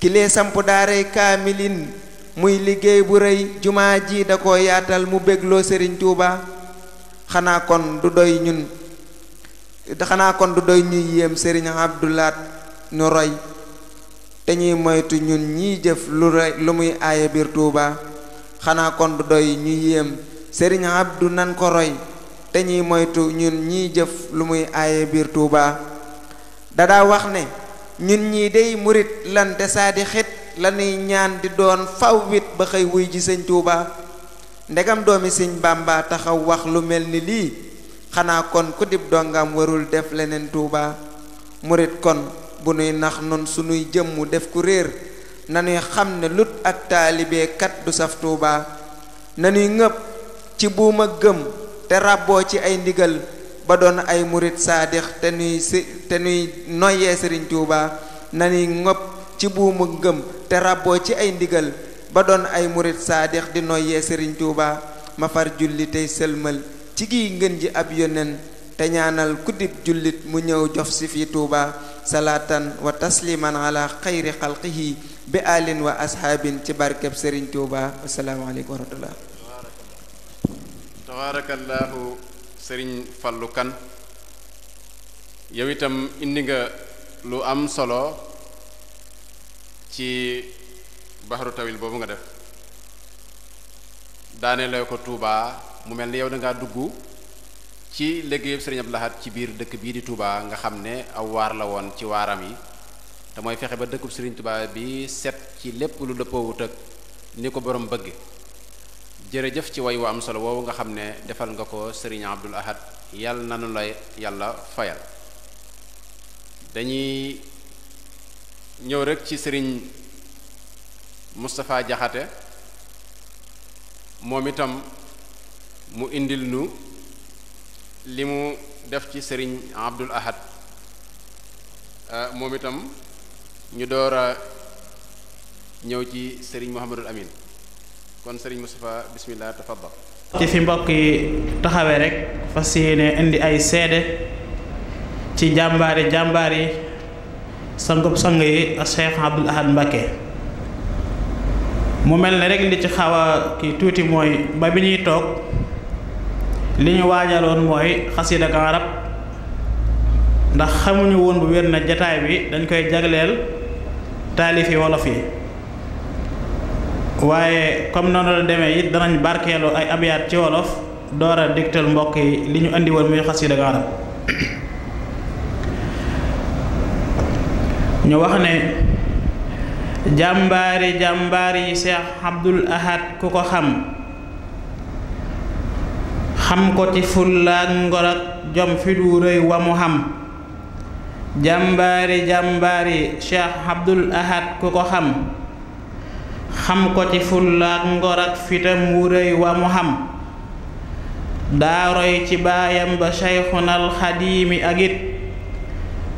ki lee samp daaray kaamilin muy liggéey bu rëy jumaa ji da ko yaatal mu bégloo Sëriñ Tuuba xanaa kon du doy ñun xanaa kon du doy ñuy yéem Sëriñ Abdulaat ñu roy te ñuy moytu ñun ñiy jëf lu rëy lu muy aaya biir Tuuba xanaa kon du doy ñu yéem sëriñ Abdu nan ko roy te ñuy moytu ñun ñiy jëf lu muy aaye biir Tuuba dadaa wax ne ñun ñii dey murit lante saa di xit lanuy ñaan di doon faw wit ba xëy wuy ji sëñ Tuuba ndegam doomi sëñ Bàmba taxaw wax lu mel ni lii xanaa kon ku dongam warul def leneen Tuuba murit kon bu nuy nax noon sunuy jëmm def ku réer nanuy xam ne lut ak taalibe du saf tuuba nanuy ngëpp ci buuma ci ay nuy si ci buuma gëm te ràbboo ci ay ndigal ba doon ay murit saadix di noyyee sëriñ tuuba ma julli tey sëlmal ci gi ngën ji ab yonen te ñaanal kuddib jullit mu ñëw jof si fi tuuba salaatan wa tasliman ala xayri xalqihi bi alin wa asxaabin ci barkeb Serigne Touba asalaamaaleykum wa rahmatullah tabaarakallaahu Serigne Fallou Kane yow itam indi nga lu am solo ci baxaru tawil boobu nga def daane ko Touba mu mel ni yow da dugg ci liggéeyub yëpp Abdou Lahad ci biir dëkk bii di Touba nga xam ne aw waar la woon ci waaram yi damooy mooy fexe ba dëkkub Serigne Touba bi set ci lépp lu dëppoowut ak ni ko borom bëgg jërëjëf ci way wu am solo woowu nga xam ne defal nga ko Serigne Abdul Ahad yàlla na nu yàlla fayal dañuy ñëw rekk ci sëriñ Moustapha Jaxate moom itam mu indil nu li mu def ci sëriñ Abdul Ahad euh, moom itam ñu door a ñëw ci sëriñ Mouhamadul Amin kon sëriñ Moustapha bismillah tafaddal ci fi mbokk yi taxawee rek fas yéene indi ay seede ci jàmbaari jàmbaar yi sangub sang yi ak Cheikh Abdoul mu mel ne rek li ci xaw a kii tuuti mooy ba bi ñuy toog li ñu waajaloon mooy xasida ak ndax xamuñu woon bu wér na jataay bi dañ koy jagleel taalifi wolof yi waaye comme noonu la demee it danañ barkeelu ay abiyaat ci wolof door a digtal mbokk yi li ñu indi woon muy xasida ga arab ñu wax ne jàmbaari jàmbaar yi Cheikh Abdul Ahad ku ko xam xam ko ci fulla ak ngor ak jom fi du rëy wa mu xam jàmbaari jàmbaari Cheikh Abdoul Ahad ku ko xam xam ko ci fullaak ngor ak fitam wu rëy wa mu xam daaroy ci baayam ba Cheikhunal Xadiimi ak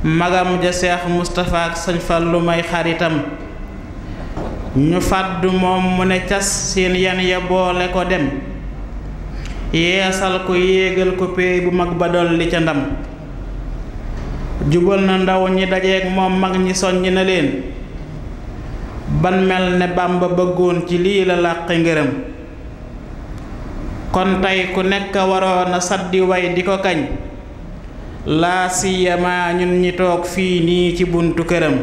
magam ja Cheikh Moustapha ak Sëñ may xaritam ñu fàddu moom mu ne cas seen yan ya boole ko dem yeesal ko yéegal ko péey bu mag ba dolli ca ndam jubal na ndaw ñi dajeek moom mag ñi soññ na leen ban mel na bàmb bëggoon ci lii la làqi ngërëm kon tey ku nekk waroon a saddi way di ko kañ laa siyamaa ñun ñi toog fii nii ci buntu këram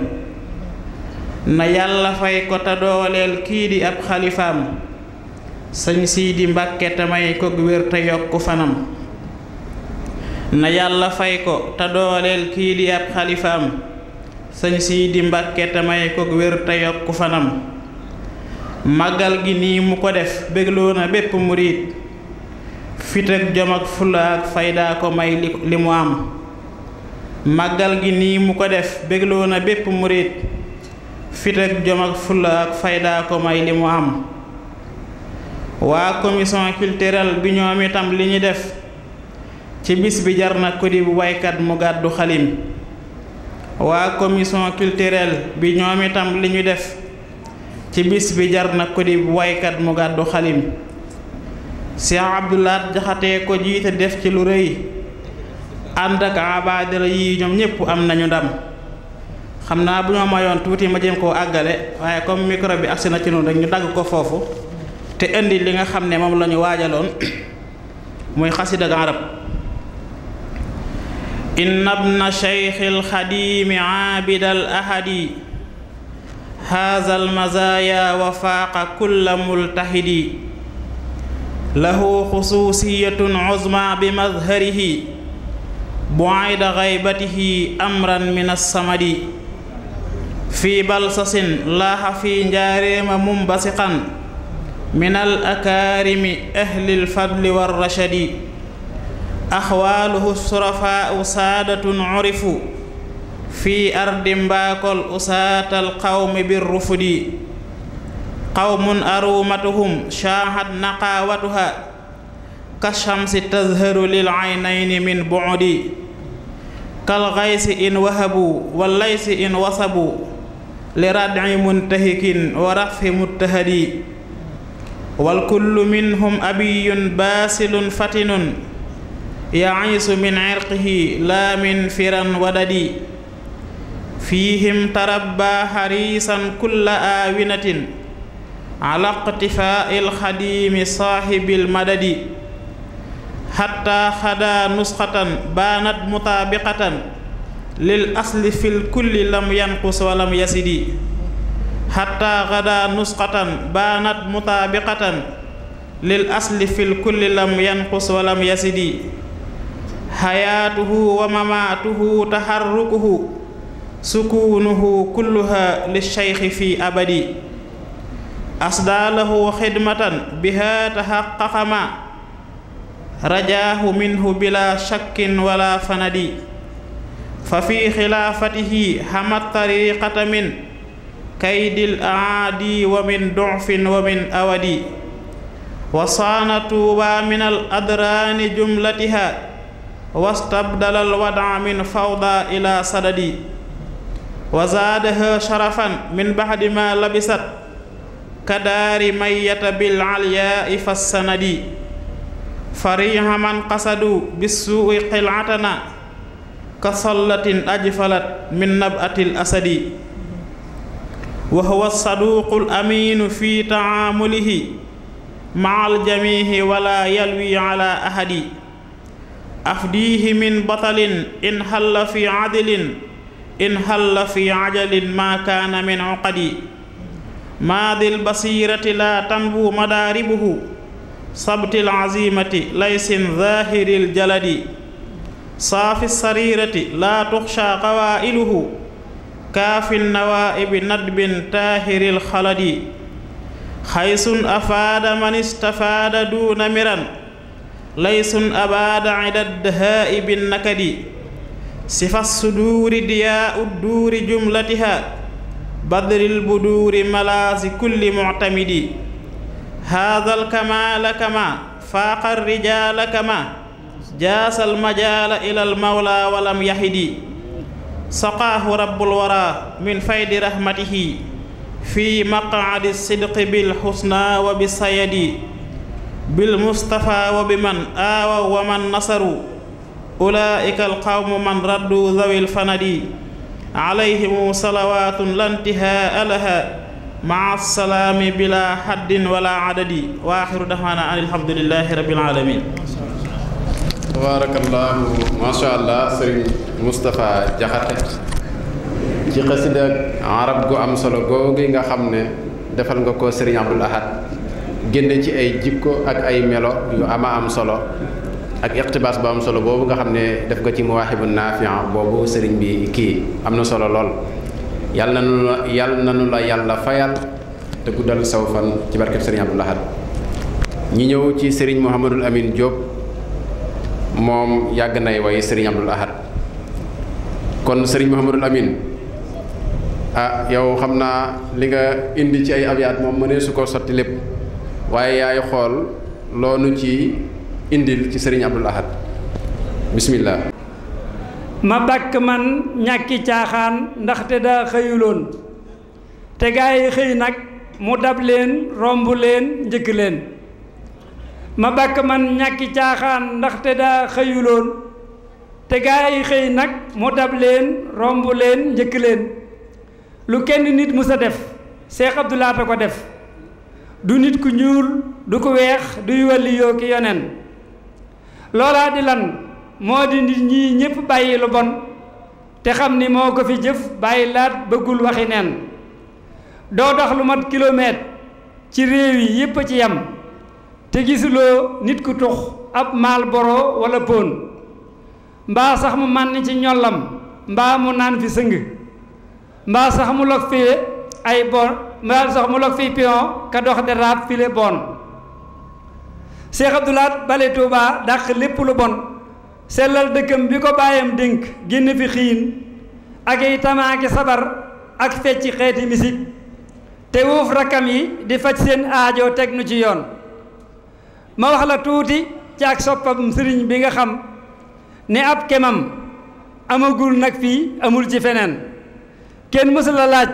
na yàlla fay ko te dooleel kii di ab xalifaam sëñ Sidi Mbàkke te may ko wér te yokk fanam na yàlla fay ko te dooleel kii di ab xalifaam sëñ Sidi Mbàkke te may ko wér te yokku fanam màggal gi nii mu ko def bégloo na bépp murit fit ak jom ak fula ak faydaa ko may li mu am màggal gi nii mu ko def bégloo na bépp murit fit ak fula faydaa ko may li am waa commission culturelle bi ñoom itam li ñu def ci bis bi jar na ku di waykat mu gàddu xalim waa commission kulturel bi ñoom itam li ñu def ci bis bi jar na ku di waykat mu gàddu xalim Cheikh Abdoulaat Jaxate ko jiite def ci lu rëy ànd ak abaadala yi ñoom ñëpp am nañu ndam xam naa bu ñoo mayoon tuuti ma jëm koo àggale waaye comme micro bi agsi na ci noonu rek ñu dagg ko foofu te indi li nga xam ne moom la waajaloon muy xasida ak إن ابن شيخ الخديم عابد الأحد هذا المزايا وفاق كل ملتحد له خصوصية عظمى بمظهره بعيد غيبته أمرا من الصمد في بلصص لاح في جاريم منبسقا من الأكارم أهل الفضل والرشد axwaaluhu surafaau saadatun urifu fi ardi mbaakol usaatal qawmi bir rufudi qawmun arumatuhum shaahat naqaawatuha kashamsi tazharu lil aynayni min buudi kal gaysi in wahabu wal laysi in wasabu li rad'i muntahikin wa muttahadi wal kullu minhum abiyun baasilun fatinun yaciisu min cirqihi laa min firan wadadi fiihim tarabbaa xariisan kulla aawinatin ala iqtifaa'i alxadiimi saaxibi almadadi xatta xadaa nusxatan baanat mutaabiqatan lil asli fil kulli lam yanqus wa lam yasidi xatta xadaa nusxatan baanat mutaabiqatan lil asli fil kulli lam yanqus wa lam yasidi xayaatuhu wa mamaatuhu taxarrukuhu sukuunuhu kulluha lilcheyxi fi abadi asdaa lahu xidmatan biha taxaqaqa ma rajaahu minhu bila shakkin wala fanadi fa fi xilaafatihi xamat tariqata min kaydil aadi wa min ducfin wa min awadi wa saana tuuba min al adraani jumlatiha wastabdala alwadaa min fawda ila sadadi wa zaadaha sharafan min baxdi ma labisat kadaari mayyata bil alyaai fassanadi fariha man qasadu bissuui qil'atana ka sallatin ajfalat min nab'ati asadi wa huwa saduqu amiinu fi taamulihi maa aljamiihi wala yalwi ala ahadi afdiihi min batalin in halla fi adilin in halla fi ajalin maa kaana min uqadi maadil basirati laa tanbu madaaribuhu sabtil azimati laysin zaahiril jaladi saafi sarirati laa tuxsha qawailuhu kaafin nawaibi nadbin taahiril xaladi xaysun afaada man istafaada duuna miran laysun abaada idaddahaa bin nakadi sifa suduuri diyaa udduuri jumlatiha badril buduuri malaasi kulli muctamidi haadal kamaala kama faaqa rijaala kama jaasal majaala ilal mawla walam yahidi saqaahu rabbul wara min faydi rahmatihi fi maqcadi sidqi bil xusna wa bisayadi بالمصطفى وبمن آووا ومن نصروا أولئك القوم من ردوا ذوي الفند عليهم صلوات لا انتهاء لها مع السلام بلا حد ولا عدد وآخر دعوانا أن الحمد لله رب العالمين tabaarakallaahu macha allah sëriñ Moustapha Jaxate ci xasida arab gu am solo googu nga xam ne defal nga ko sëriñ Abdul Ahad génne ci ay jikko ak ay melo yu ama am solo ak iqtibaas bu am solo boobu nga xam ne def ko ci bu naafian boobu sëriñ bi kii am na solo lool yàlla nanu la yàlla nanu la yàlla fayal te guddal saw ci barkeb sëriñ Abdou Lahad ñi ñëw ci sëriñ Mouhamadul Amin jóob moom yàgg nay way sëriñ Abdou Lahad kon sëriñ Mouhamadul Amin ah yow xam naa li nga indi ci ay abiyaat moom mënee su ko sotti lépp waaye yaay xool loonu ci indil ci sëriñ Abdul Ahad bismillah ma bàkk man ñàkki caaxaan ndaxte daa xëyuloon te yi xëy nag mu dab leen romb leen njëkk leen ma bàkk man ñàkki caaxaan ndaxte daa xëyuloon te gaa yi xëy nag mu dab leen romb leen njëkk leen lu kenn nit mu musa def Seex Abdul Ahad ko def du nit ku ñuul du ko weex duy walli yoo ki yoneen loolaa di lan moo di nit ñi ñëpp bàyyi lu bon te xam ni moo ko fi jëf bàyyi laat bëggul waxi neen doo dox lu mat kilomètre ci réew yi yépp a ci yam te gisuloo nit ku tux ab maal boro walla pon mbaa sax mu mànn ci ñollam mbaa mu naan fi sëng mbaa sax mu log fee ay bon ma sox mu log fii pion bon Cheikh Abdoulaat bale Touba dàq lépp lu bon sellal dëkkam bi ko bàyyam dénk génn fi xiin ak yi tamaaki sabar ak fecc xeeti misik te wuuf rakkam yi di faj seen aajo teg nu ci yoon ma wax la tuuti ci ak soppam sëriñ bi nga xam ni ab kemam amagul nag fii amul ci feneen kenn mësu la laaj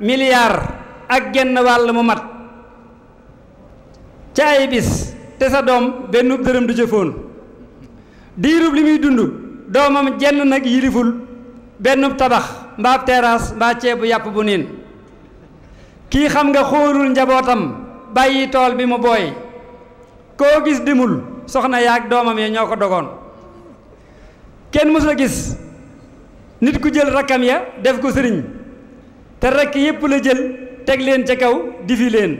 milliard ak genn wàll mu mat ca ay bis te sa doom benn dërëm du jëfoon diirub li muy dund doomam jenn nag yiliful benn tabax mbaa terrasse mbaa bu yàpp bu niin kii xam nga xóorul njabootam bàyyi tool bi mu booy koo gis dimul soxna yaag doomam ya ñoo ko dogoon kenn mësul gis nit ku jël rakkam ya def ko sëriñ te rakk yépp la jël teg leen ca kaw di fi leen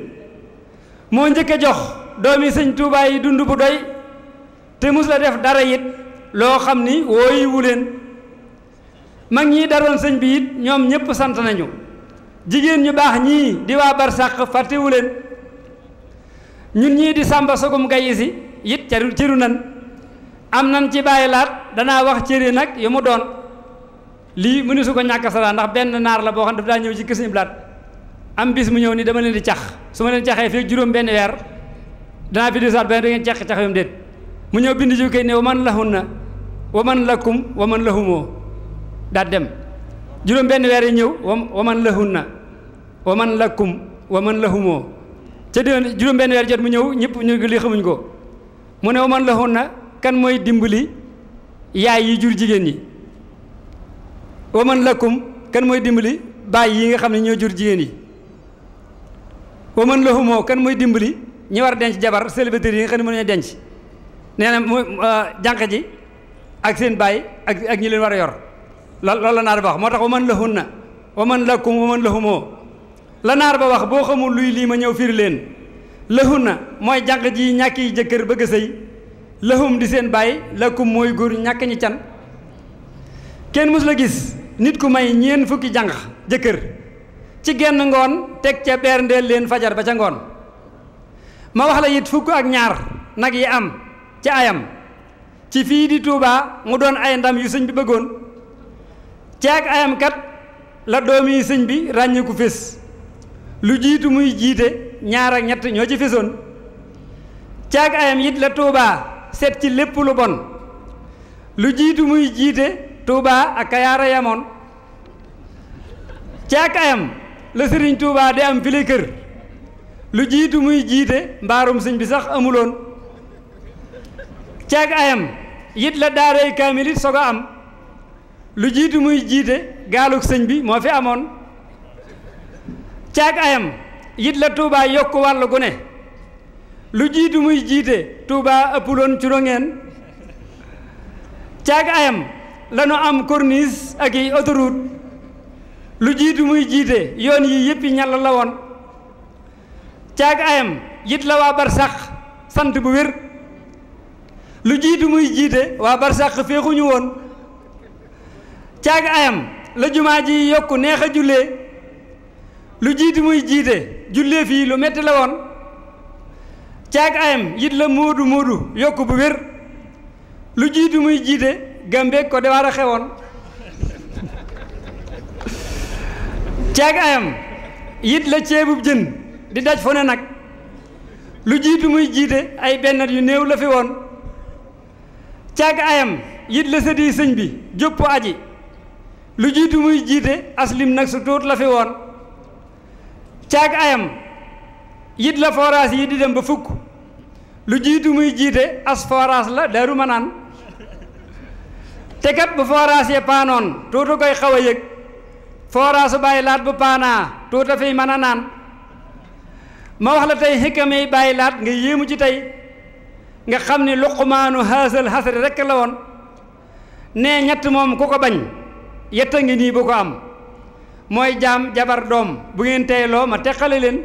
moo njëkk a jox doomi sëñ Tuubaa yi dund bu doy te mus la def dara yit loo xam ni wooyiwu leen mag ñi daroon sëñ bi it ñoom ñépp sant nañu jigéen ñu baax ñii di waa barsàq fàttewu leen ñun ñii di sàmba sogum gay si it caru cëru nan am nan ci bàyyi laat danaa wax cëri nag yu mu doon lii mu ne su ko ñàkk sala ndax benn naar la boo xam ne daf daa ñëw ci kër Sëñ Blaat am bis mu ñëw nii dama leen di cax su ma leen caxee fii juróom benn weer danaa fi desaat benn da ngeen cax cax mu ñëw bind ci kay wa man lahunna wa man lakum wa man lahumoo daa dem juróom benn weer yi ñëw wa man lahunna wa man lakum wa man lahumoo ca déwén juróom benn weer jot mu ñëw ñëpp ñu lii xamuñ ko mu ne wa man na kan mooy dimbali yaay yi jur jigéen ñi wa man lakum kan mooy dimbali bàyyi yi nga xam ne ñoo jur jigéen yi wa man lahumoo kan mooy dimbali ñi war a denc jabar célibataire yi nga xam ne mënuñoo denc nee na mu euh, jànq ji ak seen bàyyi ak ak ñi leen war a yor lool loolu la naar ba wax moo tax wa man lahunna wa man lakum wa man la naar ba wax boo xamul luy lii ma ñëw fiir leen na mooy jànq ji ñàkk yi jëkkër bëgg a sëy lahum di seen bàyyi lakum mooy góor ñàkk ñi can kenn mës la gis nit ku may ñeen fukki jànq jëkkër ci genn ngoon teg ca berndeel leen fajar ba ca ngoon ma wax la it fukk ak ñaar nag yi am ci ayam ci fii di Touba mu doon ay ndam yu sëñ bi bëggoon ci ayam kat la doom sëñ bi ràññeeku fés lu jiitu muy jiite ñaar ak ñett ñoo ci fésoon ci ak ayam it la Touba set ci lépp lu bon lu jiitu muy jiite Touba ak Kayaara yamoon ci ayam la Serigne Touba di am file kër lu jiitu muy jiite mbaarum sëñ bi sax amuloon ci ak ayam it la daaray kaamil it am lu jiitu muy jiite gaaluk sëñ bi moo fi amoon ci ak ayam it la Touba yokk wàllu gu lu jiitu muy jiite Touba ëppuloon ci rongeen ayam lanu am korniis ak i autoroute lu jiitu muy jiite yoon yi yëpp ñàll la woon caag ayam yit la waa barsax sant bu wér lu jiitu muy jiite waa barsax féexuñu woon caag ayam la jumaa ji yokk neex a jullee lu jiitu muy jiite jullee fii lu metti la woon caag ayam yit la móodu móodu yokk bu wér lu jiitu muy jiite Gambie Côte d'Ivoire a xewoon ceeg ayam yit la ceebub jën di daj fu ne nag lu jiitu muy jiite ay benn yu néew la fi woon ceeg ayam yit la sëddi sëñ bi jópp aji lu jiitu muy jiite aslim nag su tuut la fi woon caag ayam yit la forage yi di dem ba fukk lu jiitu muy jiite as forage la daaru manaan te kat bu forage ya paanoon tuuti koy xaw a yëg forage su bàyyi laat bu paanaa tuuta fiy mën a naan ma wax la tey xikam yi bàyyi laat nga yéemu ci tey nga xam ni luqumaanu haasal xasri rekk la woon nee ñett moom ku ko bañ yett a ngi nii bu ko am mooy jaam jabar doom bu ngeen teeloo ma teqale leen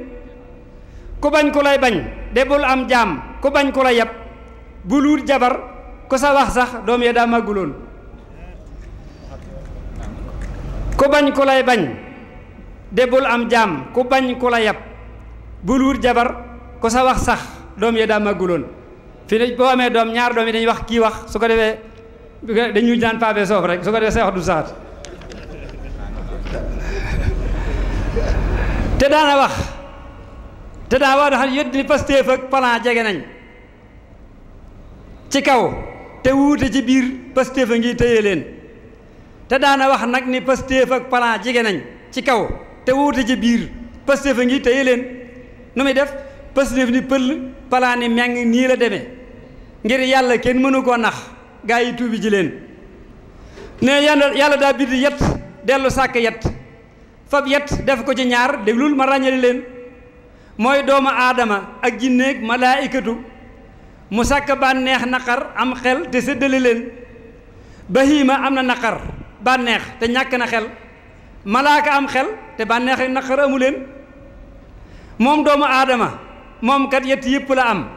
ku bañ ku lay bañ de am jaam ku bañ ku la yab bul wut jabar ku sa wax sax doom ya daa màgguloon ku bañ ku lay bañ de am jàmm ku bañ ku la yab bul wut jabar ku sa wax sax doom ya daa màgguloon fi ne boo amee doom ñaar doom yi dañuy wax kii wax su ko defee dañuy naan pavé soof rek su ko defee sa wax du saat te daana wax te daa waa daxal yëdd ni Pastef ak jege nañ ci kaw te wuute ci biir Pastef a ngi téye leen te daana wax nag ni Pastef ak plan jige nañ ci kaw te wuute ci biir Pastef a ngi téye leen nu muy def Pastef ni pël plan ni meng nii la demee ngir yàlla kenn mënu koo nax gaa yi tuubi ji leen ne yàlla yàlla daa bind yet dellu sàkk yet fab yet def ko ci ñaar déglul ma ràññali leen mooy doomu aadama ak jinneeg malaayikatu mu sàkk bànneex naqar am xel te séddale leen bahiima am na naqar bànneex te ñàkk na xel malaaka am xel te bànneex ak naqar leen moom doomu aadama moom kat yett yëpp la am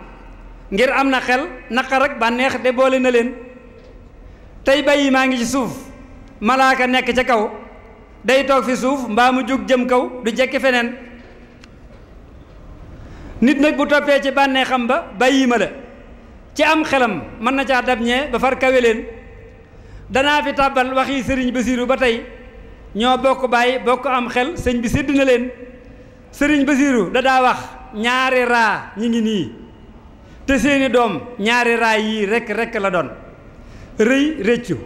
ngir am na xel naqar bànneex de boole na leen tey bàyyi maa ngi ci suuf malaaka nekk ca kaw day toog fi suuf mbaa mu jóg jëm kaw du jekki feneen nit nag bu toppee ci bànneexam ba bàyyi ma la ci am xelam mën na caa dab ñee ba far kawe leen danaa fi tàbbal waxi sëriñ Basiiru ba tey ñoo bokk bàyyi bokk am xel sëñ bi sédd na leen sëriñ Basiiru da daa wax ñaari raa ñi ngi nii te seeni doom ñaari raa yii rekk rekk la doon rëy rëccu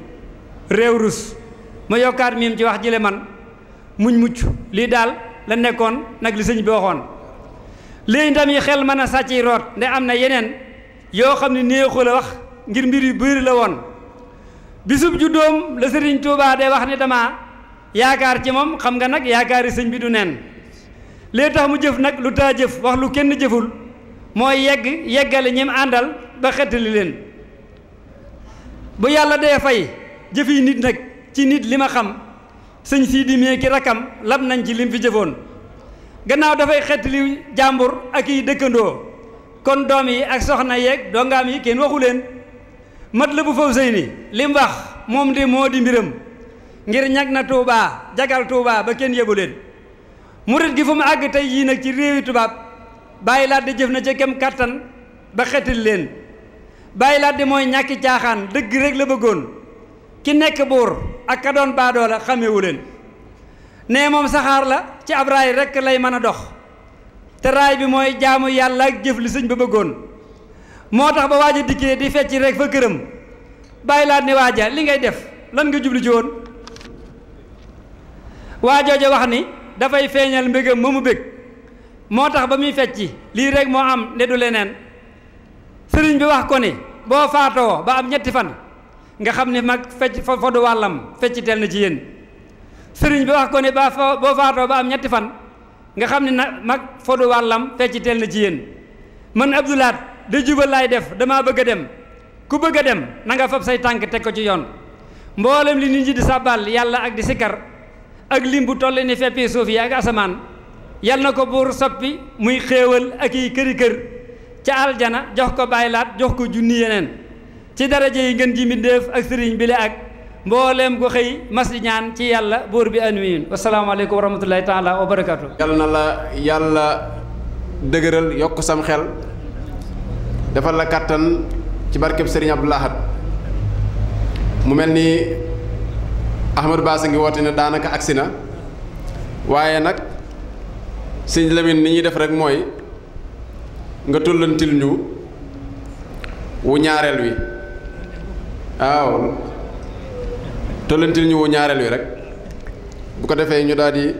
réew rus ma yokkaat miim ci wax jile man muñ mucc lii daal la nekkoon nag li sëñ bi waxoon léegi ndam yi xel mën a sàcc yi root nde am na yeneen yoo xam ne néexu la wax ngir mbir yu bëri la woon bisub juddoom la sëriñ Touba day wax ne dama yaakaar ci moom xam nga nag yaakaari sëñ bi du nen lee tax mu jëf nag lu taa jëf wax lu kenn jëful moo yegg yeggale ñim àndal ba xettali leen bu yàlla dee fay jëf yi nit nag ci nit li ma xam sëñ sii di mee ki rakkam lab nañ ci lim fi jëfoon gannaaw dafay xettali jàmbur ak yi dëkkandoo kon doom yi ak soxna yeeg dongaam yi kenn waxu leen la Matlabul Fawzayni li mu wax moom de moo di mbiram ngir ñag na Touba jagal Touba ba kenn yebu leen murit gi fu mu àgg tey jii nag ci réewi tubaab bàyyi laat di jëf na ca kem kattan ba xetil leen bàyyi laat di mooy ñàkki caaxaan dëgg rek la bëggoon ki nekk buur ak ka doon baadoo xamewu leen nee moom saxaar la ci ab raay rek lay mën a dox te raay bi mooy jaamu yàlla ak jëf li sëñ ba bëggoon moo tax ba waaj a dikkee di fecc rek fa këram bàyyi laat ne waaja li ngay def lan nga jublu ci woon waajooja wax ni dafay feeñal mbégam ma mu bég moo tax ba muy fecc lii rek moo am ne du leneen sëriñ bi wax ko ni boo faatoo ba am ñetti fan nga xam ne mag fecc fa wàllam fecc teel na ci yéen sëriñ bi wax ko ni ba boo faatoo ba am ñetti fan nga xam ne nag mag foddu wàllam fecc teel na ci yéen man abdulaat da jubal laay def damaa bëgg a dem ku bëgg dem nanga nga fab say tànk teg ko ci yoon mboolem li nit ñi di sàbbal yàlla ak di sikkar ak lim bu toll ni feppi suuf yi ak asamaan yal na ko buur soppi muy xéewal ak i këri kër ca aljana jox ko baylaat jox ko junni yeneen ci daraja yi ngeen ji mbindéef ak sëriñ bile ak mbooleem ko xëy mas ñaan ci yàlla buur bi anuyin wasalaamaaleykum wa rahmatullahi taala wa barakaatu. yal na la yàlla dëgëral yokk sam xel. defal la kàttan ci barkeb Serigne Abdou Lahad mu mel ni Ahmadou Bass ngi woote ne daanaka agsi na waaye nag sëñ lemin ni ñuy def rek mooy nga tollantil ñu wu ñaareel wi waaw tollantil ñu wu ñaareel wi rek bu ko defee ñu daal di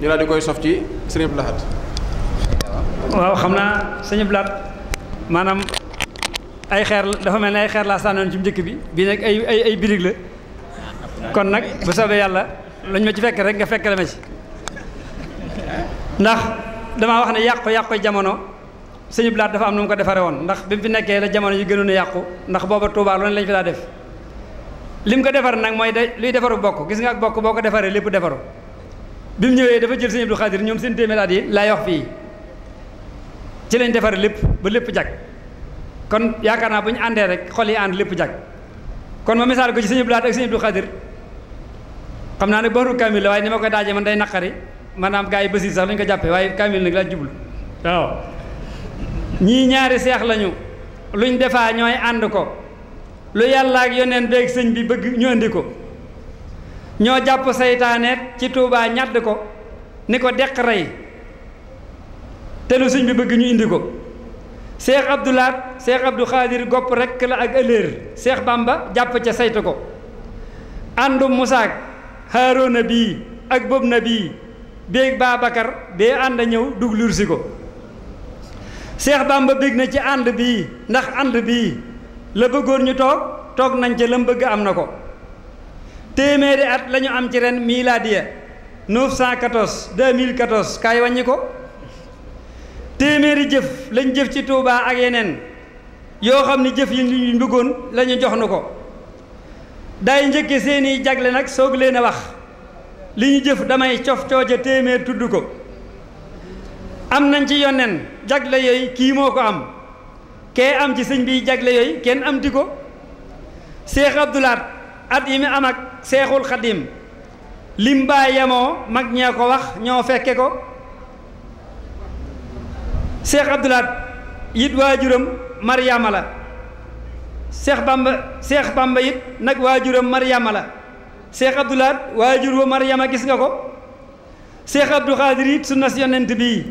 ñu daal koy sof ci Serigne Abdou waaw xam naa Serigne Abdou maanaam ay xeer dafa mel ni ay xeer laa sànnoon ci njëkk bi bii nag ay ay ay birig la kon nag bu soobee yàlla lañ ma ci fekk rek nga fekk la ma ci ndax damaa wax ne yàqu yàqu jamono sëñu blaat dafa nu mu ko defare woon ndax bi mu fi nekkee la jamono yi gënoon yàqu ndax booba Tuubaa loolu lañ fi daa def lim ko defar nag mooy de luy defaru bokk gis nga ak bokk boo ko defaree lépp defaru bi mu ñëwee dafa jël sëñ Abdou Khadir ñoom seen téeméer at yi laay wax fii ci lañ defar lépp ba lépp jag kon yaakaar naa bu ñu àndee rek xol yi ànd lépp jag kon ma misaal ko ci sëñ Abdou Lahad ak sëñ Abdou xam naa ne baxru kaamil la waaye ni ma koy daajee man day naqari maanaam gars yi basir sax lañ ko jàppee waaye kaamil nag laa jublu ñii ñaari seex lañu luñ defaa ñooy ànd ko lu yàlla ak yoneen sëñ bi bëgg ñu indi ko ñoo jàpp saytaaneet ci Tuubaa ñadd ko ni ko deq rey te sëñ bi bëgg ñu indi ko seex abdu laat seex abdu xaadir gopp rekk la ak ëllëer seex bamba jàpp ca saytu ko àndum musaak haaroona bii ak bob na bii béeg baabakar bee ànd a ñëw dugluur ko seex bamba bég na ci ànd bii ndax ànd bii la bëggoon ñu toog toog nañ ca lam bëgg am na ko téeméeri at lañu am ci ren miilaadiya 914 2014 kaay wàññi ko téeméeri jëf lañ jëf ci Touba ak yeneen yoo xam ne jëf yi ñu bëggoon la ñu jox nu ko day njëkke seeni jagle nag soog leen wax li ñu jëf damay cof cooja téeméer tudd ko am nañ ci yoneen jagle yooy kii moo ko am kee am ci sëñ bi jagle yooyu kenn am di ko Seex Abdulaat at yi mu am ak Seexul Xadiim lim baa yemoo mag ñee ko wax ñoo fekke ko Cheikh Abdoulaat it waajuram Mariama la Cheikh Bamba Cheikh Bamba it nag waajuram Mariama la Cheikh Abdoulaat waajur wa Mariama gis nga ko Cheikh Abdou Khadir it sunna yonent bii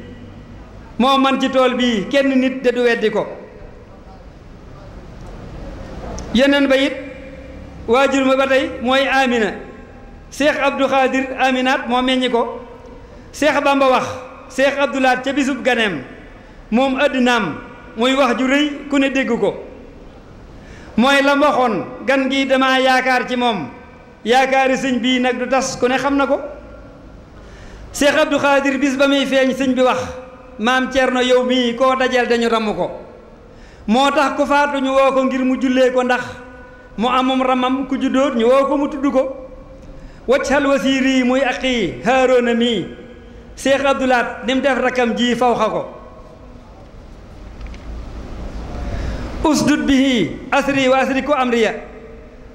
moo man ci tool bii kenn nit de du weddi ko yeneen ba it waajur ma ba tey mooy Amina Cheikh Abdou moo meññi ko Cheikh Bamba wax Cheikh Abdoulaat ca bisub ganeem moom àddinaam muy wax ju rëy ku ne dégg ko mooy la gan gi dama yaakaar ci moom yaakaari sëñ bii nag du tas ku ne xam na ko Cheikh Abdou bis ba muy feeñ sëñ bi wax maam na yow mii koo dajal dañu ramm ko moo tax ku faatu ñu woo ko ngir mu jullee ko ndax mu amum ramam ku juddóot ñu woo ko mu tudd ko waccal wasiir yi muy aqi haaroona mii Cheikh Abdoulaat ni mu def rakkam ji faw xa ko usdud bihi asri wa asri ko amriya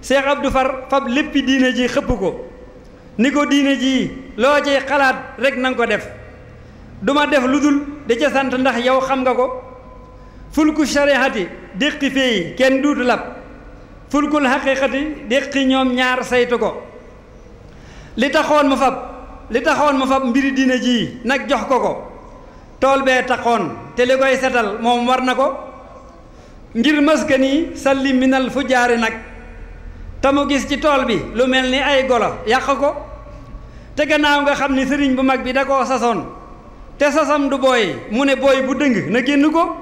Cheikh Abdou Far fab léppi diine ji xëpp ko ni ko diine ji loo ciy xalaat rek na ko def du def lu dul di ca sant ndax yow xam nga ko fulku shariati déqi feeyi kenn duutu lab fulkul xaqiqati déqi ñoom ñaar saytu ko li taxoon mu fab li taxoon mu fab mbiri diine ji nag jox ko ko tool bee taxoon te li koy setal moom war na ko ngir maskani sa minal fu jaari nag te mu gis ci tool bi lu mel ni ay golo yàq ko te gannaaw nga xam ni sëriñ bu mag bi da koo sasoon te sasam du booy mu ne booy bu dëng na génn ko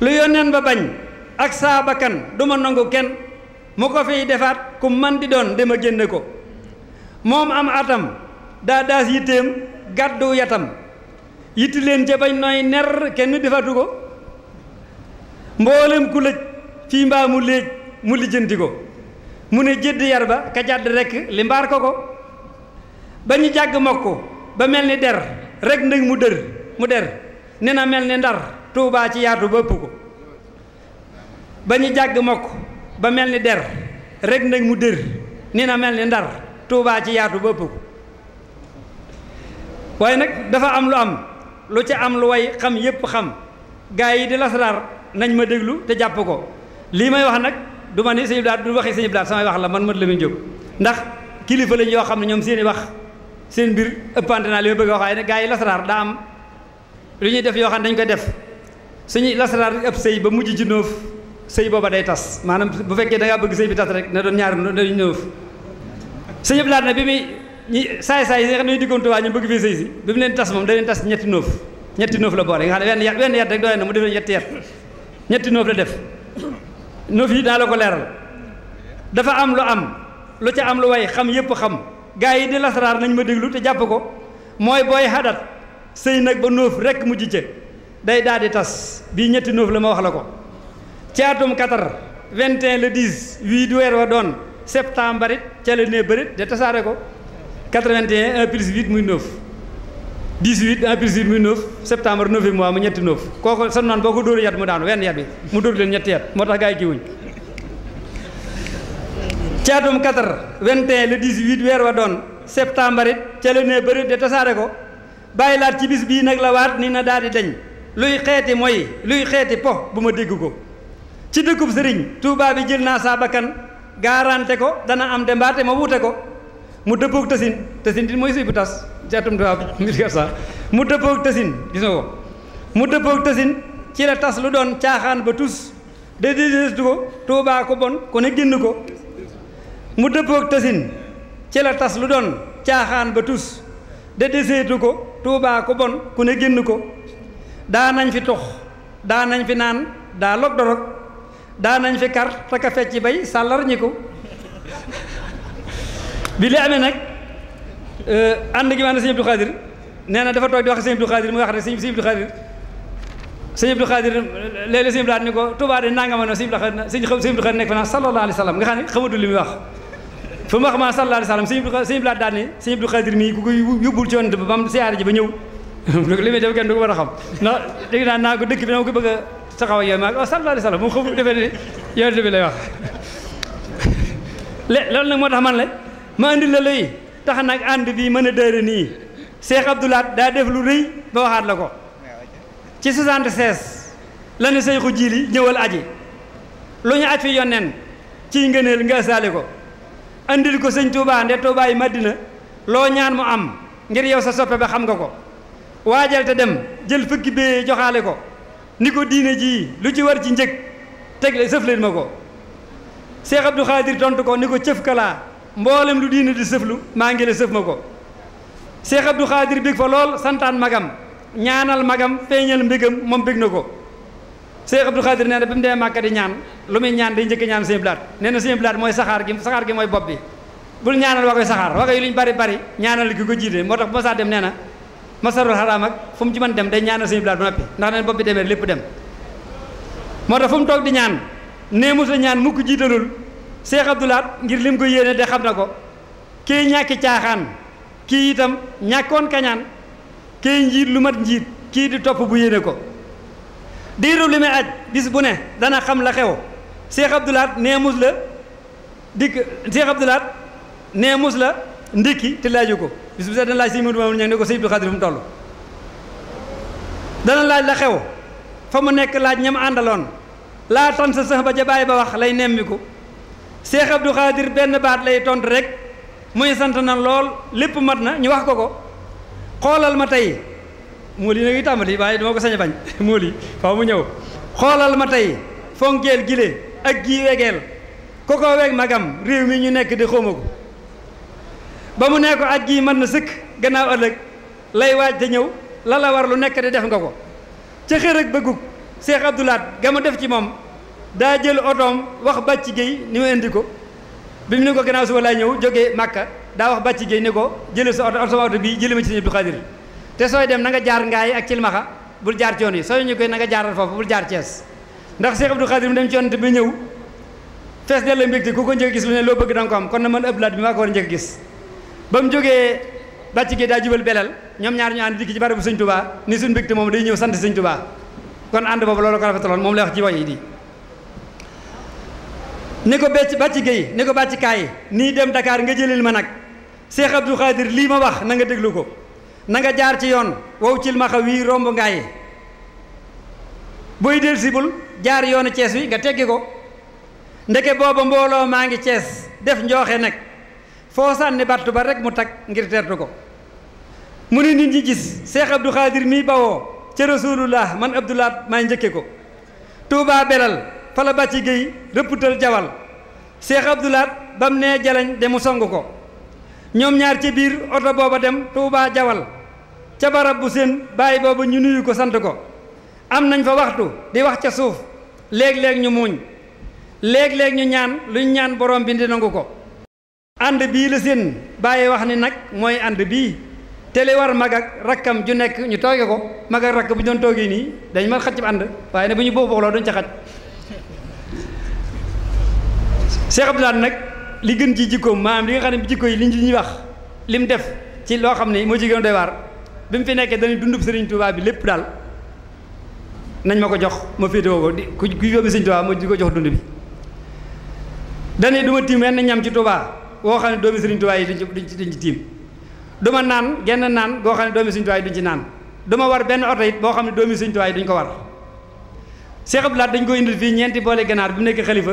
lu yónneen ba bañ ak saa bakkan du ma kenn mu ko fiy defaat ku man di doon dama génne ko moom am atam daa yitteem gàddu yatam yitti leen ca bañ nooy ner kenn defatu ko mboolem ku lëj fii mbaa mu léej mu lijjanti ko mu ne jëdd yar ba ka jàdd rekk limbaar ko ko ba ñu jàgg mokk ko ba mel ni der rekk nag mu dër mu der ne na mel ni ndar tuubaa ci yaatu ba ñu jàgg mokk ba mel ni der rek nag mu dër ne na mel ni ndar tuubaa ci yaatu ba ko waaye nag dafa am lu am lu ca am lu way xam yépp xam gaa yi di lasaraar nañ ma déglu te jàpp ko lii may wax nag du ma ni sëñ Blaat du waxee sëñ Blaat samay wax la man Modou Lamine Diop ndax kilifa lañ yoo xam ne ñoom seen i wax seen mbir ëppante naa li ma bëgg a wax waaye nag yi lasaraar daa am lu ñuy def yoo xam ne dañ koy def suñuy lasaraar ëpp sëy ba mujj ci noof sëy booba day tas maanaam bu fekkee da ngaa bëgg sëy bi tas rek na doon ñaari nañ noof sëñ Blaat nag bi muy saay-saay yi nga xam ne ñu diggoon waa ñu bëgg fee tas moom da leen tas ñetti noof ñetti noof la boole nga xam ne wenn yat ñetti noof la def noof yi daa la ko leeral dafa am lu am lu ca am lu way xam yépp xam gaa yi di lasaraar nañ ma déglu te jàpp ko mooy booy xadat sëy nag ba noof rekk mu jice day daal di tas bii ñetti noof la ma wax la ko caatum atum katar 21 le 10 wii du weer wa doon septembre it ca la nee bërit de tasaare ko 81 en prise 8 muy noof 18 1 plus 8 muy 9 septembre 9 mois mu ñetti 9 kooku sa noon boo ko dóor yat mu daanu wenn yat bi mu dóor leen ñetti yat moo tax gaa yi kii wuñ caatum 4 21 le 18 weer wa doon septembre it ca la ne bëri de tasaare ko bàyyi laat ci bis bii nag la waat nii na daal di dañ luy xeeti mooy luy xeeti po bu ma dégg ko ci dëkkub sëriñ Touba bi jël naa saa bakkan gaarante ko dana am dembaate ma wute ko mu dëppoog tasin tasin di mooy sëy bu tas ci atum tubaab 1900 mu dëppoog tasin gis nga ko mu dëppoog tasin ci la tas lu doon caaxaan ba tus de déedéetu ko tuubaa ko bon ko ne génn ko mu dëppoog tasin ci la tas lu doon caaxaan ba tus ko tuubaa bon ku ne génn ko daa nañ fi tux daa nañ fi naan daa log dorog daa nañ fi kar taka fecc bay sàllarñi ñi ko bi li ànd gi mu ànd sëñ Abdou na dafa toog di wax sëñ Abdou Khadir mu wax ne sëñ sëñ Abdou Khadir sëñ Abdou Khadir léeg-léeg sëñ Abdou Khadir ni ko Touba de nangama na sëñ Abdou Khadir sëñ sëñ Abdou Khadir nekk fa naan sallallahu alayhi wa sallam nga xam ne xamatul li muy wax fu mu wax maa sallallahu alayhi wa sallam sëñ sëñ Abdou Khadir daal ne sëñ Abdou Khadir mii ku koy yóbbul ci yonent ba ba mu ji ba ñëw li muy def kenn du ko a xam na dégg naa naa ko dëkk bi na ko bëgg a saxaw ak yow maa ko sallallahu alayhi wa sallam moom xamul defee ne yonent bi lay wax loolu nag moo tax man la ma andil la lay tax nag ànd bi mën a dëre nii Cheikh Abdoulaat daa def lu rëy ba waxaat ko ci 76 la ne Seyxu Jiili ñëwal aji lu ñu aj fi yonneen ciy ngëneel nga ko andil ko sëñ Touba nde Touba yi Madina loo ñaan mu am ngir yow sa soppe ba xam nga ko waajal te dem jël fukki bee joxaale ko ni ko diine jii lu ci war ci njëg tegle sëf ma ko Cheikh Abdou Khadir tontu ko ni ko cëf kalaa mboolem lu diine di sëflu maa ngi la sëf ma ko Cheikh Abdou Khadir bég fa lool santaan magam ñaanal magam feeñal mbégam moom bég na ko Cheikh du Khadir nee na ba mu demee Màkka di ñaan lu muy ñaan day njëkk ñaan seen blaat nee na seen blaat mooy saxaar gi saxaar gi mooy bopp bi bul ñaanal waa saxaar waa koy lu ñu bari bari ñaanal ki ko jiite moo tax bu saa dem nee na masarul xaraam ak fu mu ci mën dem day ñaanal seen blaat bu noppi ndax neen bopp bi demee lépp dem moo tax fu mu toog di ñaan nee mos ñaan mukk jiitalul Cheikh Abdou Lahad ngir lim ko yéene de xam na ko kii ñàkki caaxaan kii itam ñàkkoon kañaan kii njiit lu mat njiit kii di topp bu yéene ko diiru li muy aj bis bu ne dana xam la xew Cheikh Abdou Lahad mus la dikk Cheikh Abdou Lahad mus la ndikki te laaju ko bis bu set dana laaj si Mudu Mamun ñang ne ko Sëñ Abdou Xaadir mu toll dana laaj la xew fa mu nekk laaj ñam àndaloon laa tan sa sax ba ja bàyyi ba wax lay nemmiku Cheikh Abdou Khadir benn baat lay tontu rek muy sant na lool lépp mat na ñu wax ko ko xoolal ma tey mool yi nag yu tàmbali waaye dama ko sañ a bañ mool yi faaw mu ñëw xoolal ma tey fonkeel gile ak gii wegeel ko ko weeg magam réew mi ñu nekk di xóoma ko ba mu ne ko at gii mën na sëkk gannaaw ëllëg lay waaj ñëw la la war lu nekk di def nga ko ca xër ak bëggug Cheikh Abdou Lahad ga mu def ci moom daa jël otoom wax bàcc géey ni ma indi ko bi mu ne ko gannaaw suba laa ñëw jógee Màkka daa wax bàcc géey ni ko jëlee sa oto sama oto bii jëlee ma ci sëñ Abdou Khadir te sooy dem na nga jaar ngaay ak cilmaxa bul jaar coon yi sooy ñu na nga jaaral foofu bul jaar Cees ndax Cheikh Abdou Khadir mu dem ci yonent bi ñëw fees della mbégte ku ko njëkk gis lu ne loo bëgg danga ko am kon na man ëpp laat bi maa ko war a njëkk gis ba mu jógee bàcc géey daa jubal belal ñoom ñaar ñu ànd dikki ci barabu sëñ Tuubaa ni suñ mbégte moom day ñëw sant sëñ Tuubaa kon ànd boobu loolu ko rafetaloon moom lay wax ci yi di ni ko becc bàcc géy ni ko bàcc nii dem dakaar nga jëlil ma nag Seex Abdou xaadir lii ma wax nanga déglu ko nanga jaar ci yoon wow cil ma xaw romb ngaay booy del jaar yoonu Cees wi nga teggi ko ndeke booba mbooloo maa ngi Cees def njooxe nag foo sànni battu ba rek mu tag ngir tertu ko mu ne nit ñi gis Seex du Khadir mii bawoo ca Rasulullah man Abdoulaat maa njëkke ko Touba Belal fala bàcci géy rëpputal jawal seex abdulaat ba mu nee jalañ de mu song ko ñoom ñaar ca biir oto booba dem tuubaa jawal ca barab bu seen bàyyi booba ñu nuyu ko sant ko am nañ fa waxtu di wax ca suuf léeg-léeg ñu muuñ léeg-léeg ñu ñaan luñ ñaan borom bi di nangu ko ànd bii la seen bàyyi wax ni nag mooy ànd bii te li war mag rakkam ju nekk ñu tooge ko mag ak rakk bu ñu doon toogee nii dañ mën xaj ànd waaye ne bu ñu boobu loo duñ ca xaj Cheikh Abdou Lahad nag li gën ci jikkoom maanaam li nga xam ne bi jikko yi li ñu ñuy wax li mu def ci loo xam ne moo ci gën a doy waar bi mu fi nekkee dañuy dundub Serigne Touba bi lépp daal nañ ma ko jox ma féetewoo ko di ku ku yóbbu Serigne Touba ma ko jox dund bi dañuy du ma tiim wenn ñam ci Touba woo xam ne doomi Serigne Touba yi duñ ci duñ ci tiim du ma naan genn naan boo xam ne doomi Serigne Touba yi duñ ci naan du war benn oto it boo xam ne doomi Serigne Touba yi duñ ko war Cheikh Abdou Lahad dañ ko indil fii ñeenti boole ganaar bi mu nekk xalifa